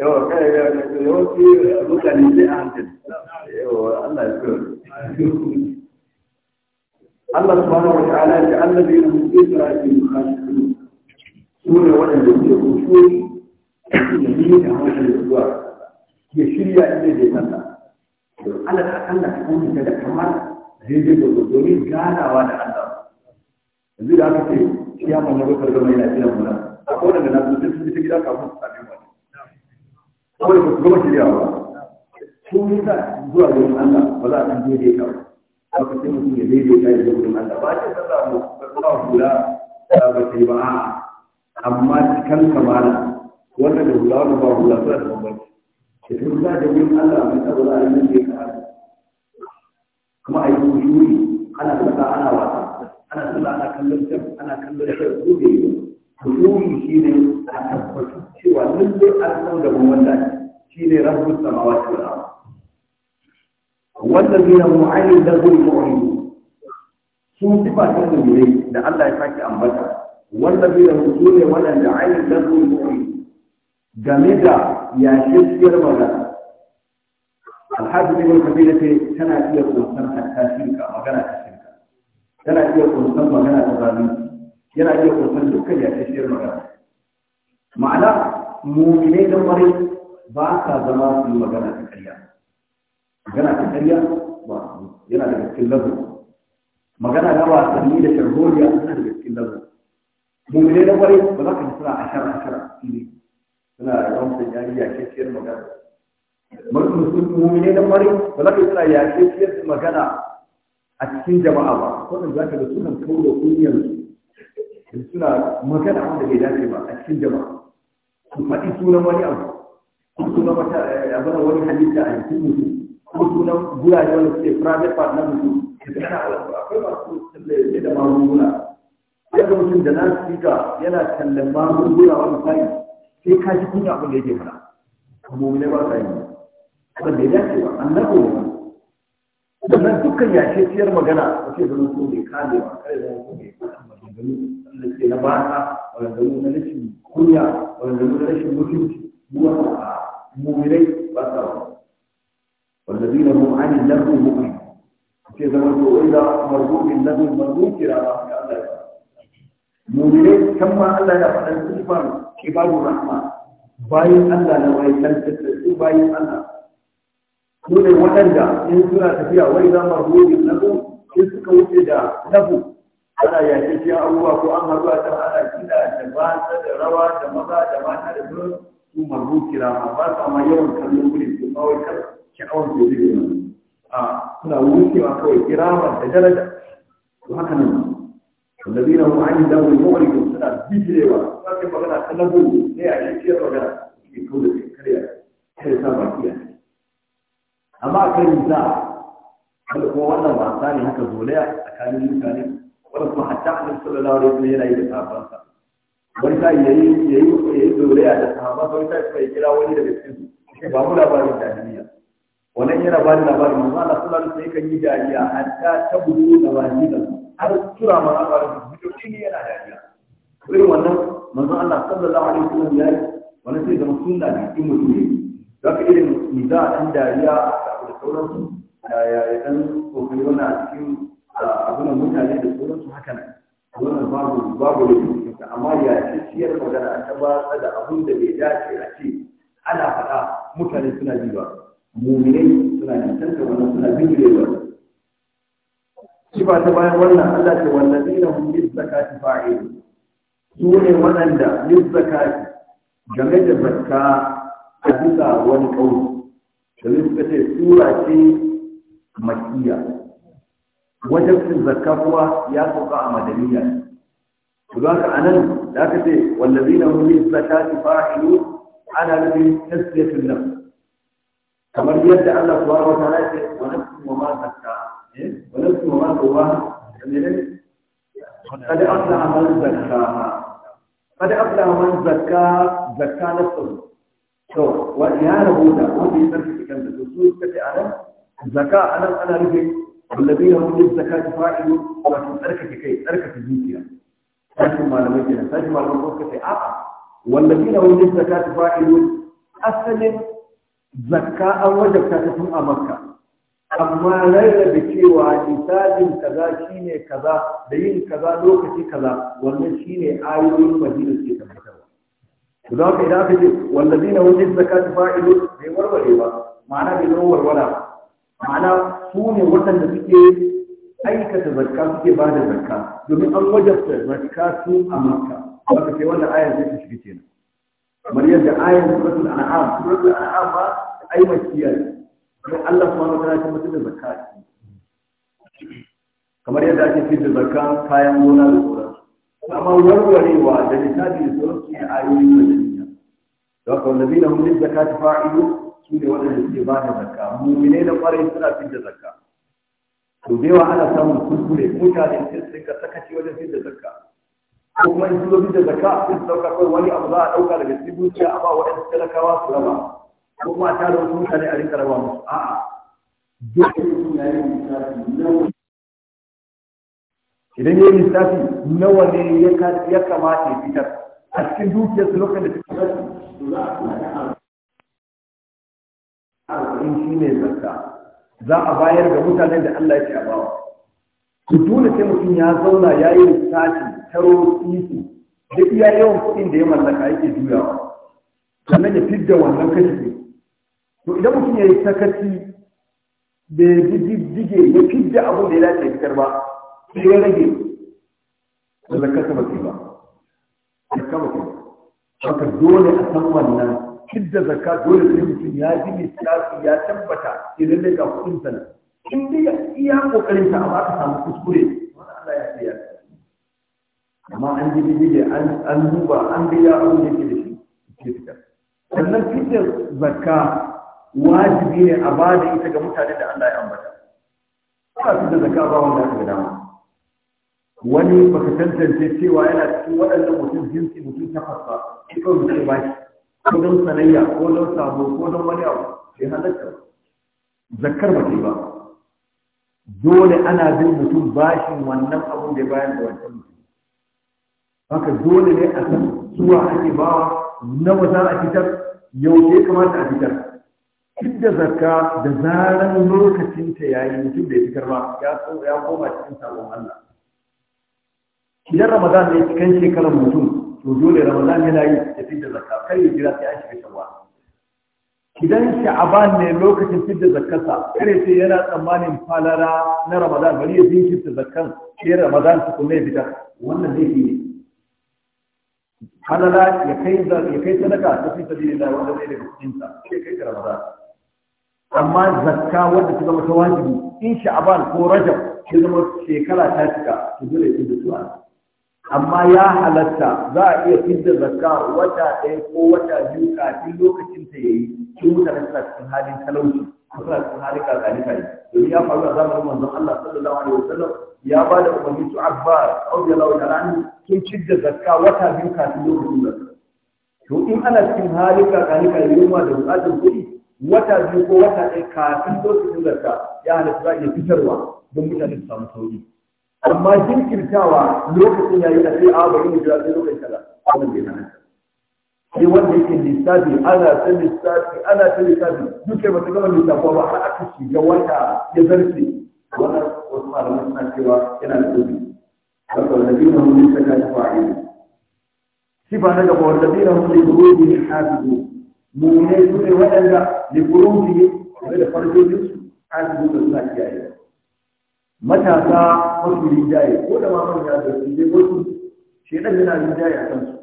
yawa kai ya yawanci mutane sai a hankali yawa Allah ya kira Allah subhanahu wa ta'ala ya annabi na musulmi rafi khashu sune waɗanda ke kusuri da yi da hankali zuwa ya shirya inda zai sallah to Allah ta Allah ta kuma da kamar zai zai domin ganawa da Allah yanzu da aka ce shi ya manna bakar zama yana kiran muna akwai wanda na sun sun ta gida kafin su sami wani saboda ba su gama shirya ba su nisa zuwa wurin Allah ba za a san jirgin ka ba ka sai mutum ya daidai ka ya zo wurin Allah ba ce sallah mu ba su ba ta yi ba a amma cikin kamala wanda da hula wani ba hula suna da bambanci da sun za da yin Allah mai tsaro a yi nan da ya kuma a yi kushuri ana da ana wasa ana sallah ana kallon jam ana kallon shi ko da yi hukumi shi ne a tabbatu cewa lalle an san gaban wanda shi ne rabbus samawati wal ardh wanda zai mu ainihin da zai mu'min sun sifa ta mu'mini da Allah ya saki ambata wanda zai mu sune wanda ainihin da zai mu'min game da yashiyar magana alhaji ne wani kabila ce tana iya kusan hatta shirka magana ta yana iya kusan magana ta zalunci yana iya kunsan dukkan shi magana ma'ana muminai da mare ba ka zama su magana ta karya magana ta karya ba yana da cikin lazo magana na wasanni da sharholiya yana da cikin lazo muminai da mare ba za ka ji suna ashara ashara ne suna yawan sun yari yakashiyar magana muminai da mare ba za ka ji suna yakashiyar magana a cikin jama'a ba wannan za ka ga sunan kawo da suna magana wanda bai dace ba a cikin jama'a su faɗi sunan wani abu ko sunan wata eh, abin wani halitta a jikin mutu, ko sunan guraje wanda suke private part na mutum da kana akwai masu tallaye da magunguna yadda mutum da na sika yana tallan magunguna wani sai sai ka ji kunya abin da yake fara kuma mu ne ba sa yi ba da ya dace ba annabi sannan dukkan yashe ciyar magana ta ce zama ko mai kamewa kare zama ko mai faɗin maganganu wanda ke na bata maganganu na rashin kunya maganganu na rashin mutunci zuwa a mumirai ba sa ba wanda zina mu yi lafi mu'min ce zama wai da marbukin lafi marbukin kira ba ga Allah ya mumirai kan ma Allah ya faɗan sifar kibarun rahma bayan Allah na wai tantace su bayan Allah su ne waɗanda in suna tafiya wai za ma gobe lagu in suka wuce da nafu? ana yake cikin abubuwa ko an haɗu ta can ana kiɗa da ba da rawa da maza da mata da sauran su marbu kira ma ba sa ma yawan kallon wurin su kawai kan sha'awar su zai yi a suna wucewa kawai kirama da daraja to haka nan الذين هم عن sai magana سنة بجريوة لكن بغنا تنبو ليه عشان كير بغنا يكون كريا كريا سابع كيا amma a kan nisa wanda kuma wannan wasa ne haka zolaya tsakanin mutane wanda kuma hatta a cikin alaihi wasallam yana yi da sahabbansa wani ta yayi yayi zolaya da sahabbansa wani ta kuma ya kira wani daga cikin su ba mu labarin jahiliya wannan yana ba ni labarin manzo Allah sallallahu alaihi wasallam yakan yi dariya hatta ta bugu da da har tura ma Allah da mutum yana dariya irin wannan manzo Allah sallallahu alaihi wasallam ya yi wani sai da sunna da mutum ne zaka irin niza dan dariya sauransu ya dan kokari wannan cikin abunan mutane da sauransu haka nan wannan babu babu da cikin amma ya ce ciyar magana a tabbatar da abin da bai dace a ce ana faɗa mutane suna ji ba muminai suna nisanta wannan suna bijirewa sifa ta bayan wannan Allah ce wallazina hum bil zakati fa'ilun su ne waɗanda bil zakati game da zakka a bisa wani ƙauye. domin suka ce sura ce makiya wajen cin zakka kuwa ya sauka a madaniya ku za ka anan da aka ce wallazi na wuri zakka ti fa'ilu ana nufin tasirifin nan kamar yadda Allah subhanahu wa ta'ala ya ce wa nafsin ma zaka? Wani nafsin wa ma zakka قد أفلح من زكاها قد أفلح من زكى زكى نفسه to wani ya rahoda wanda ya sarki kan da su suka ce anan zaka anan ana rufe wallabi ya hudu zaka ta fa'ilu wato tsarkake kai tsarkake zuciya sashin malamai kenan sashin malamai ko suka ce a'a wallabi ya hudu zaka ta fa'ilu asalin zakka an wajabta ta tun a makka amma da cewa misalin kaza shine kaza da yin kaza lokaci kaza wannan shine ayoyin madina ke tabbatar to da haka idan aka ce wallazi na wajen zakatu fa'ilu bai warware ba ma'ana bai zama warwara ma'ana su ne waɗanda suke aikata zakka suke ba da zakka domin an wajabta zakka su a makka haka ce wannan ayar zai ta shiga kenan kamar yadda ayar suratul an'am suratul an'am ba ai makiya ne Allah subhanahu wa ta'ala ya mutunta zakka kamar yadda ake fitar zakka kayan gona da amma warwarewa da lissafi da sauran su ne ayoyin madaniya da na wallabi na hulun zaka ta fa'ido su ne waɗanda suke ba da zakka muminai na ƙwarai suna fi da zakka to da yawa ana samun kuskure mutane sun suka sakaci wajen fi da zakka ko kuma in sun da zakka sun ɗauka kawai wani abu za a ɗauka daga cikin a ba waɗansu talakawa su raba ko kuma a tara wasu mutane a rinka raba musu a'a da mutum ya yi misali nawa idan ya lissafi nawa ne ya kamata ya fitar a cikin dukiyar su lokacin da suka rasu su za a kula shi ne zarta za a bayar ga mutanen da Allah ya ce a bawa ku sai mutum ya zauna ya yi lissafi taro isi da iya yawan kuɗin da ya mallaka yake juyawa sannan ya fidda wannan kashi to idan mutum ya yi sakaci bai jijjige ya fidda abin da ya dace fitar ba sai ya rage da zakar ta baki ba zakka baki haka dole a san wannan hidda zakka dole sai mutum ya ji lissafi ya tabbata idan dai ga kuɗin sana in dai iya kokarin sa amma ka samu kuskure wani Allah ya ce amma an ji bibige an duba an biya abin da ke da shi ke fitar sannan fitar zakka wajibi ne a ba da ita ga mutane da Allah ya ambata ba su da zakka ba wanda aka ga dama wani baka tantance cewa yana cikin waɗannan mutum jinsi mutum takwas ba ita mutum ba shi ko don sanayya ko don sabo ko don wani abu bai halatta ba zakkar ba ba dole ana bin mutum bashin wannan abun da ya bayar da wancan mutum haka dole ne a san suwa ake bawa nawa za a fitar yaushe kamata a fitar Inda da zakka da zaran lokacinta ya yi mutum bai fitar ba ya koma cikin sabon Allah idan ramadan ne cikin shekarar mutum to dole ramadan yana yi da fidda zakka kai ya jira sai an shiga shawwal idan sha'aban ne lokacin fidda zakkarsa kare sai yana tsammanin falara na ramadan bari ya jinkirta zakkan sai ramadan su kuma ya fita wannan zai fi halala ya kai ya kai sadaka ta fi sabili da wanda zai daga cikin sa sai kai ramadan amma zakka wanda ta zama ta wajibi in sha'aban ko rajab ta zama shekara ta cika to dole ya fidda su amma ya halatta za a iya fidda zakka wata ɗaya ko wata biyu kafin lokacin ta yayi cikin mutanen suna cikin halin talauci suna cikin halin kakani ne domin ya faru a zamanin manzon Allah sallallahu alaihi wasallam ya ba da umarni su Abbas radiyallahu da rani sun fidda zakka wata biyu kafin lokacin zakka to in ana cikin halin kakani kai yunwa da buƙatar kuɗi wata biyu ko wata ɗaya kafin lokacin zakka ya halatta za a iya fitarwa don mutane su samu sauƙi amma jinkirtawa lokacin yayi a sai a bari mu jira sai lokacin kaza wannan bai nan sai wanda yake lissafi ana ta lissafi ana ta lissafi duka ba ta gama lissafuwa ba har aka shiga wata ya zarce wannan wasu malamai suna cewa yana da dubi saboda da biyu na mun saka shi fa'i sifa na gaba wanda biyu na mun da dubi ne hafizu ne su ne waɗanda da kurumfi ne da farjojinsu hafizu da suna kiyaye matasa wasu rinjaye ko da ma manya da su je wasu shedan yana rinjaye a kansu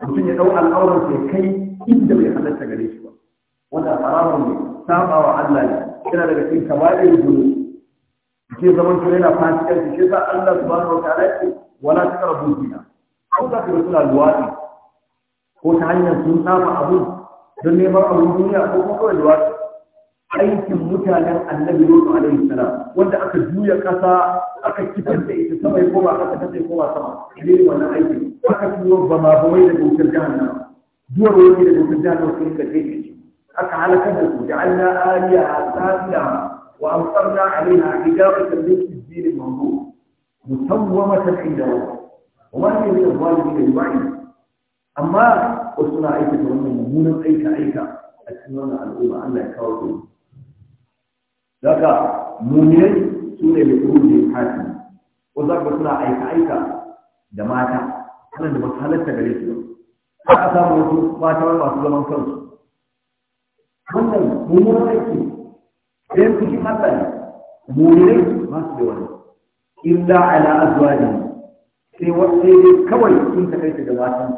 mutum ya dau al'aurar sai kai inda bai halarta gare shi ba wanda haramun ne saba Allah ne yana daga cikin kabarin zuru ke zaman to yana fasikar shi sa Allah subhanahu wa ta'ala ce wala taqrabu zina ko da kuma suna luwadi ko ta hanyar sun saba abu don neman abin duniya ko kuma kawai luwadi aikin mutanen annabi Nuhu alaihi salam wanda aka juya kasa aka kifar da ita ta ya koma kasa ta sai koma sama ne wannan aikin aka turo ba ma bawai da gautar jahannama ba wani da gautar jahannama sun ka je aka halakar da su ja'alna aliya safiya wa amsarna alaiha hijabatan min sijil mamdu musawwamatan inda rabbik wa ma hiya min al-zalimin ba'id amma wasu na aikata wannan mummunan aika aika a cikin wannan al'umma Allah ya kawo su daga muniyar su ne mai kuru ne kafi ko za ka suna aika-aika da mata kanan da masu halatta gare su ba a samu wasu mata wani masu zaman kansu wannan mummunan aiki ɗayan cikin allah ne muniyar masu da wani illa ala azwaji sai wasu ne kawai sun ta kai da matan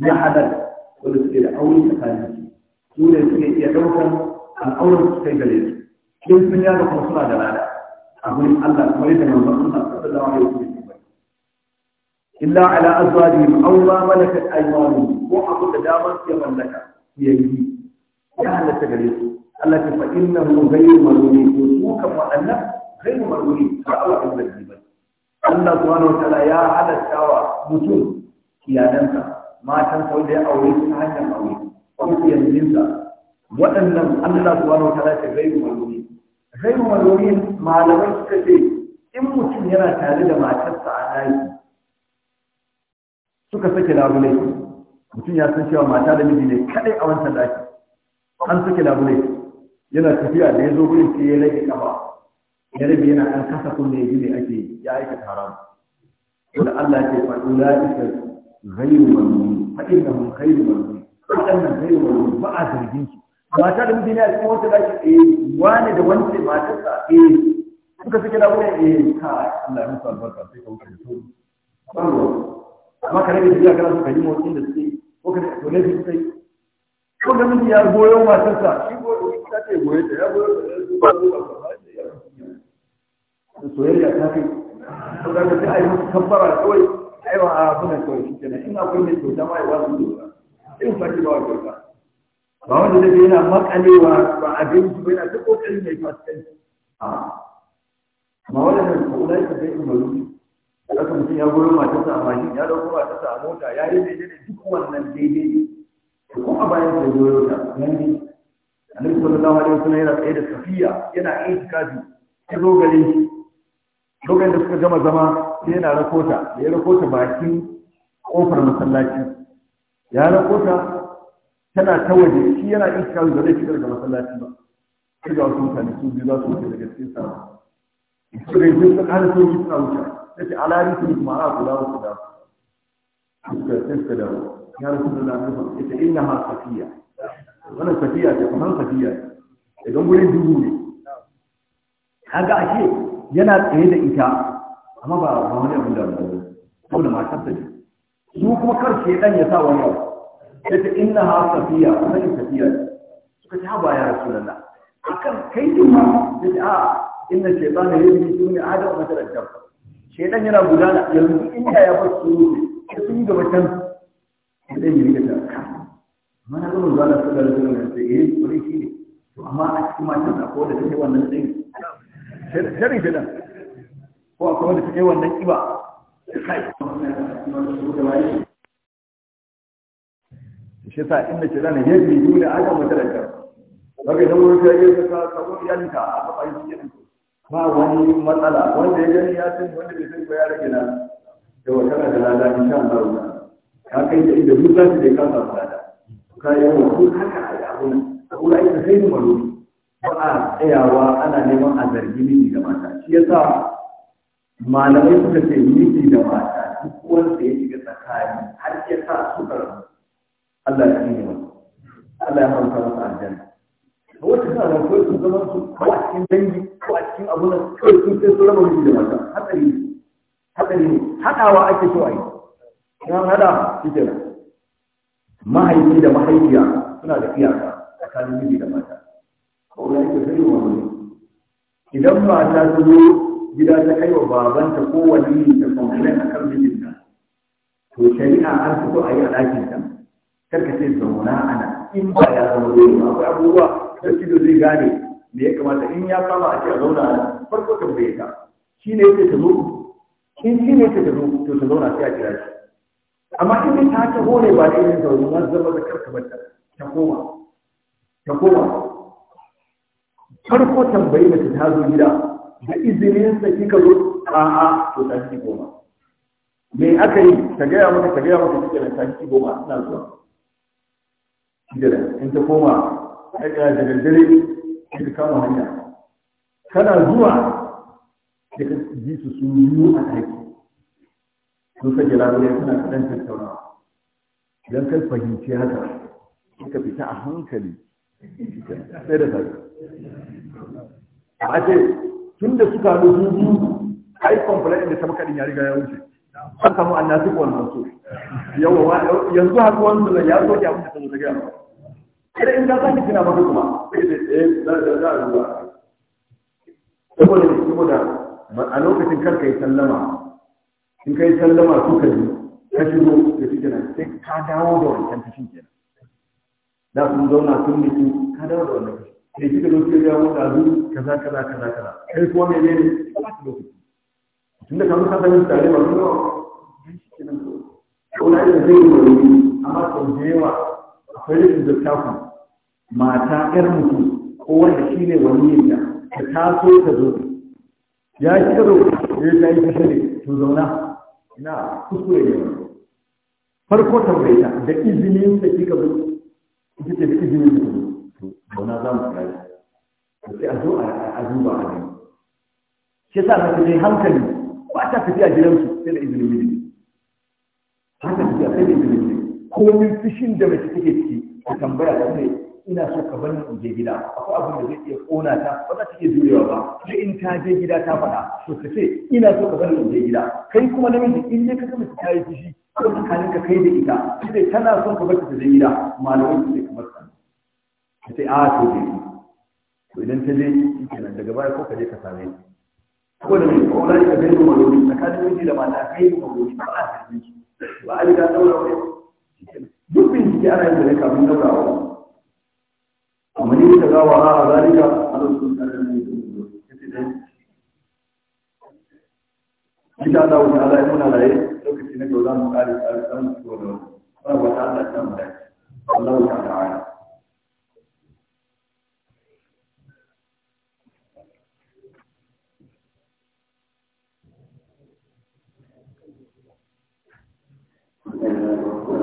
na halal wanda suke da aure tsakanin su ne suke iya ɗaukar al'aurar su kai gare su sai sun yada kuma suna da lada a gurin Allah kamar yadda manzon Allah sallallahu alaihi wasallam bai illa ala azwajihim aw ma malakat aymanuhum ko abu da damar su ya mallaka ya yi ya halatta gare su Allah ta fa innahu ghayru maruni ko su kan waɗannan ghayru maruni ba Allah ya zargi ba Allah subhanahu wa ta'ala ya halatta wa mutum kiyadansa matansa wanda ya aure su ta hanyar aure ko kiyadansa waɗannan Allah subhanahu wa ta'ala ce ghairu malumi ghairu malumi malamai suka ce in mutum yana tare da matarsa a ɗaki suka sake labule mutum ya san cewa mata da miji ne kadai a wancan ɗaki an sake labule yana tafiya da ya zo gurin sai ya rage kafa ya rage yana ɗan kasa kunne ne ne ake ya aika haram wanda Allah ce fa ulaika ghairu malumi fa innahum ghairu malumi waɗannan ghairu malumi ba a zargin su mata da mutane a cikin wata daki eh wani da wani matarsa eh suka da wani eh ka Allah ya musu albarka sai ka wuce da su amma kare da jiya kana suka yi motsin da suke ko ka to ne suke ko da miji ya goyo matarsa shi goyo ta ce goyo ta ya goyo ta ba ba soyayya ta kai ko da sai yi musu tabbara kawai ai wa abuna kawai shi kenan in akwai mai kyauta ma ya wasu kyauta in saki ba kyauta ba wanda zai yana makalewa ba a abinci ba yana ta kokarin mai fasikanci amma waɗannan kaulai ka zai umaru da mutum ya goro mata a amma ya dauko mata a mota ya yi daidai da duk wannan daidai ne da kuma bayan da goyo ta yanzu annabi sallallahu alaihi wasallam yana tsaye da safiya yana itikafi ta zo gare shi lokacin da suka gama zama sai yana rakota da ya rakota bakin kofar masallaci ya rakota tana ta waje shi yana iskar da zai fitar da masallaci ba sai ga wasu mutane su biyu za su wuce daga cikin sa su ga yin sun hana sun yi suna wuce sai ce alari sun kuma a kula wasu da su. suka suka da ya rasu da lafiya ita inna ha safiya wannan safiya ce kamar safiya idan wurin dubu ne kaga ashe yana tsaye da ita amma ba wani abin da ba da matar ta ce su kuma kar shi dan ya sa wani abu sai ta inna ha safiya kuma safiya suka ta ba ya rasulullah akan kai din ma sai ta inna shaytana yajri ne adam wa tarajjam shaytan yana gudana yanzu inda ya bar su sai sun yi gaba can sai yi rika ta mana gudun zuwa sallallahu alaihi wasallam sai yi eh, kuri shi ne to amma a cikin matan ko da take wannan din sharri kenan ko akwai da take wannan kiba kai shi sa inda shi zana yadda yi dole aka matarakar daga idan wurin ya yi ka sabo yanka a kafa yi cikin ba wani matsala wanda ya gani ya sani wanda bai sani ba ya rage na da wata na da lada in sha Allah ka kai da inda duk zasu da kasa da ka yi wa ko haka a yawon a wurin aiki sai mu malo ba a tsayawa ana neman a zargi miji da mata shi yasa malamai suka ce miji da mata duk wanda ya shiga tsakani har ya sa su rabu Allah ya kine masa Allah ya haramta masa aljanna wata sa ran kawai sun zama su ko a cikin dangi ko a cikin abu nan kawai sun sai su raba miji da mata hatsari ne hatsari ne haɗawa ake so a yi in haɗa shi kenan mahaifi da mahaifiya suna da iyaka tsakanin miji da mata ko ya ke sai wa wani idan mata ta zo gida ta kai wa babanta ko wani ta kwamfani a kan mijinta to shari'a an fito a yi a ɗakin ta karka ce zauna ana in ba ya zama zai ba akwai abubuwa da shi da zai gane me ya kamata in ya kama a ce a zauna ana farko tambaye ka shi ne ta zo in shi ne ce ta zo to ta zauna sai a kira shi amma in dai ta ta hore ba da yin zaune ma zama da karka bata ta koma ta koma farko tambaye mace ta zo gida da izinin sa kika zo a'a to ta ci goma me aka yi ta gaya maka ta gaya maka kike ta ci goma ina zuwa gida in ta koma aika da daddare sai ka kama hanya kana zuwa sai ka ji su su biyu a ɗaki sun sa sake labarai suna kaɗan tattaunawa idan ka fahimci haka suka fita a hankali sai da sai a ce tun da suka haɗu su biyu ai complain da sama kaɗin ya riga ya wuce an samu annasi ko wannan so yawa yanzu haɗuwan su ya zo ya mutu sun zaga kada in ka sake kina maka kuma sai da tsaye eh, za a za a zuwa saboda saboda a lokacin karka yi sallama in ka yi sallama su ka ji ka shigo da shi kenan sai ka dawo da wancan cikin kenan da sun zauna sun niki ka dawo da wannan cikin sai kika zo kiyar yawon da zu kaza kaza kaza kaza kai kuma mai ne ne ba su lokaci tunda kamar ka sanin tare ba su ba wani ajiyar zai yi wani amma sau da yawa akwai rikin da takun mata yar mutum ko wanda shi ne wani yin ta taso ta zo ya kiro ya ta yi kashe ne to zauna ina kuskure ne farko tambaye ta da izinin da kika zo ita ce da izinin da zo to zauna za mu kare to sai a zo a duba a nan shi yasa na kaje hankali ba ta tafi a gidansu sai da izinin miji haka su ya sai da mace komin fishin da mace take ciki ta tambaya ta ne ina so ka bani in je gida akwai abin da zai iya kona ta ba za ta iya jurewa ba sai in ta je gida ta faɗa to ta ce ina so ka bani in je gida kai kuma namiji in ne ka ga mace ta yi fishi ko tsakanin ka kai da ita sai tana son ka bar ta je gida malamai su ne kamar ka ta ce a to je to idan ta je kenan daga baya ko ka je ka same ta ko da mai kaula da bai da maloli tsakanin miji da mata kai da maloli ba a cikin su ba a riga daura wai duk bincike ana yin da ne kafin daurawa amma ne ta gawa a zalika a lokacin da ne insha Allah wa ta'ala muna raye lokaci na gaba za mu kare tsare tsare su da wannan Allah ta'ala ta mu da Allah ta'ala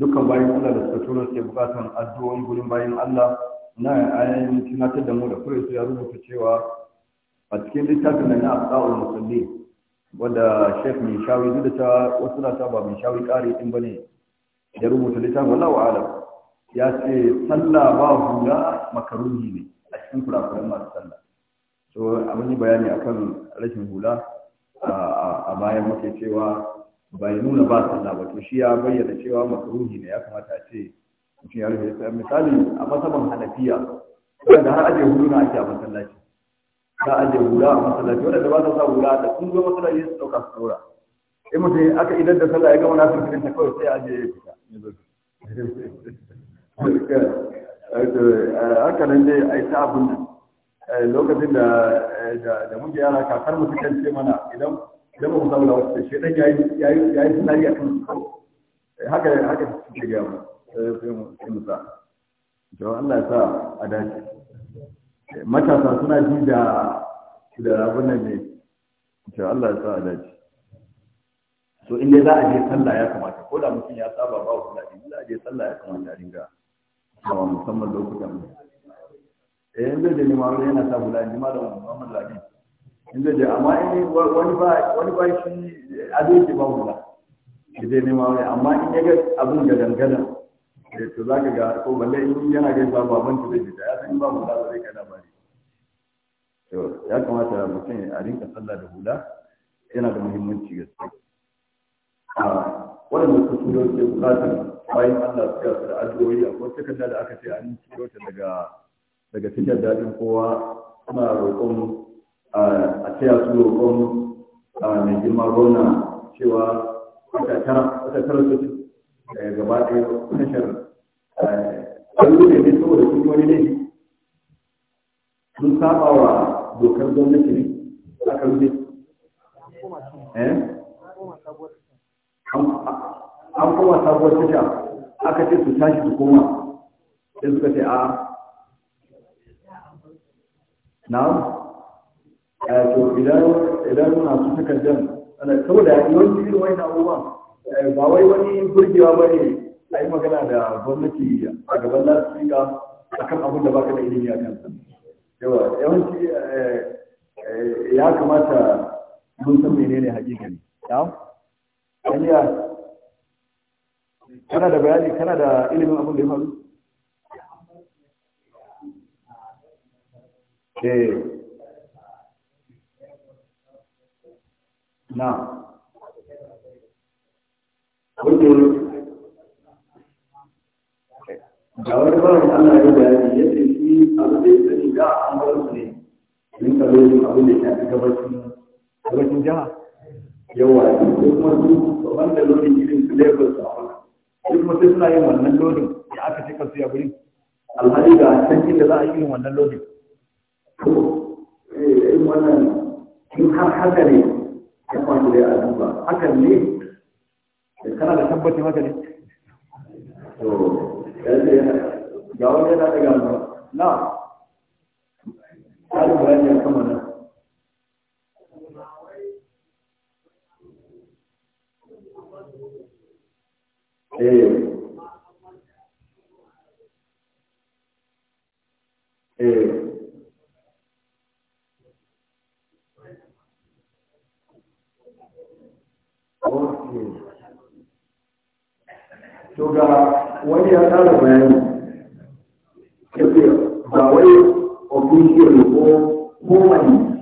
dukkan bayan Allah da suka tura suke bukatan addu'o'in gurin bayan Allah na ayoyin tunatar da mu da kure su ya rubuta cewa a cikin littafin da na asa'ul musalli wanda Sheikh min shawi duk da ta wasu na ta ba min shawi kare din bane ya rubuta littafin wallahu a'lam ya ce sallah ba hula makaruni ne a cikin kurakuran masu sallah so abin yi bayani akan rashin hula a bayan muke cewa ba ya nuna ba sallah ba to shi ya bayyana cewa makruhi ne ya kamata a ce mutum ya rufe sai misali a masaban hanafiya da har aje hudu na ake a masallaci za aje hula a masallaci wanda ba ta sa hula da sun zo masallaci su dauka su daura in mutum aka idan da sallah ya gama na firfirin ta kawai sai aje ya fita haka nan dai a yi ta abin nan eh, lokacin eh, da muke yara kakar mu sukan ce mana idan idan ba samu lawa da shedan yayi yayi tsari akan su eh, haka haka suke ga mu eh, sai mu sai mu sa to Allah ya sa a dace eh, matasa suna ji da da abun nan ne to Allah ya sa a dace so in dai za a je sallah ya kamata ko da mutum ya saba ba wa kula za a je sallah ya kamata a ringa musamman lokutan mu eh yanzu da limamu yana sa hula limamu da Muhammad Lamin inda da amma wani ba wani ba shi ado ke ba hula ke dai nema wani amma in ya ga abin ga dangana eh, to za ka ga ko balle in yana ga ba baban ta da ya san ba hula ba zai kana ba to ya kamata mutum a rinka sallah da hula yana da muhimmanci gaske a wannan su turo ke bukatar bayan Allah suka ga da a akwai takarda da aka ce an turo ta daga daga cikin dadin kowa ana roƙon a cewa su roƙon mai girma gwamna cewa wata tara su eh, gaba ɗaya tashar ɗaru eh, ne ne saboda sun wani ne sun saba wa dokar gwamnati ne kan eh? ne an koma sabuwar tasha aka ce su tashi su koma sai suka ce a na'am to idan masu takardar ana saboda yawanci irin wani abubuwa eh, ba wai wani burgewa ba ne a yi magana da gwamnati a gaban lasfika a kan abin da ba ka da ilimi a kansa yawa yawanci eh, eh, ya kamata mun san menene hakikani ya hanya kana da bayani kana da ilimin abin da ya faru eh na wajen da wani bayan Allah ya ya ce shi abu da ya sani da an ne yin kalo yin da ya fi gabacin gabacin jiha yawa ya kuma su ban da lodin irin su lagos a suna yin wannan lodin ya aka cika su ya guri alhali za yi wannan lodin eh, wannan ya kwanci da a duba ne da eh, kana da tabbacin haka ne to yana yana daga ba na tsarin bayani ya kama nan eh, eh. to ga wani ya tsara bayani ya ce ba wai ko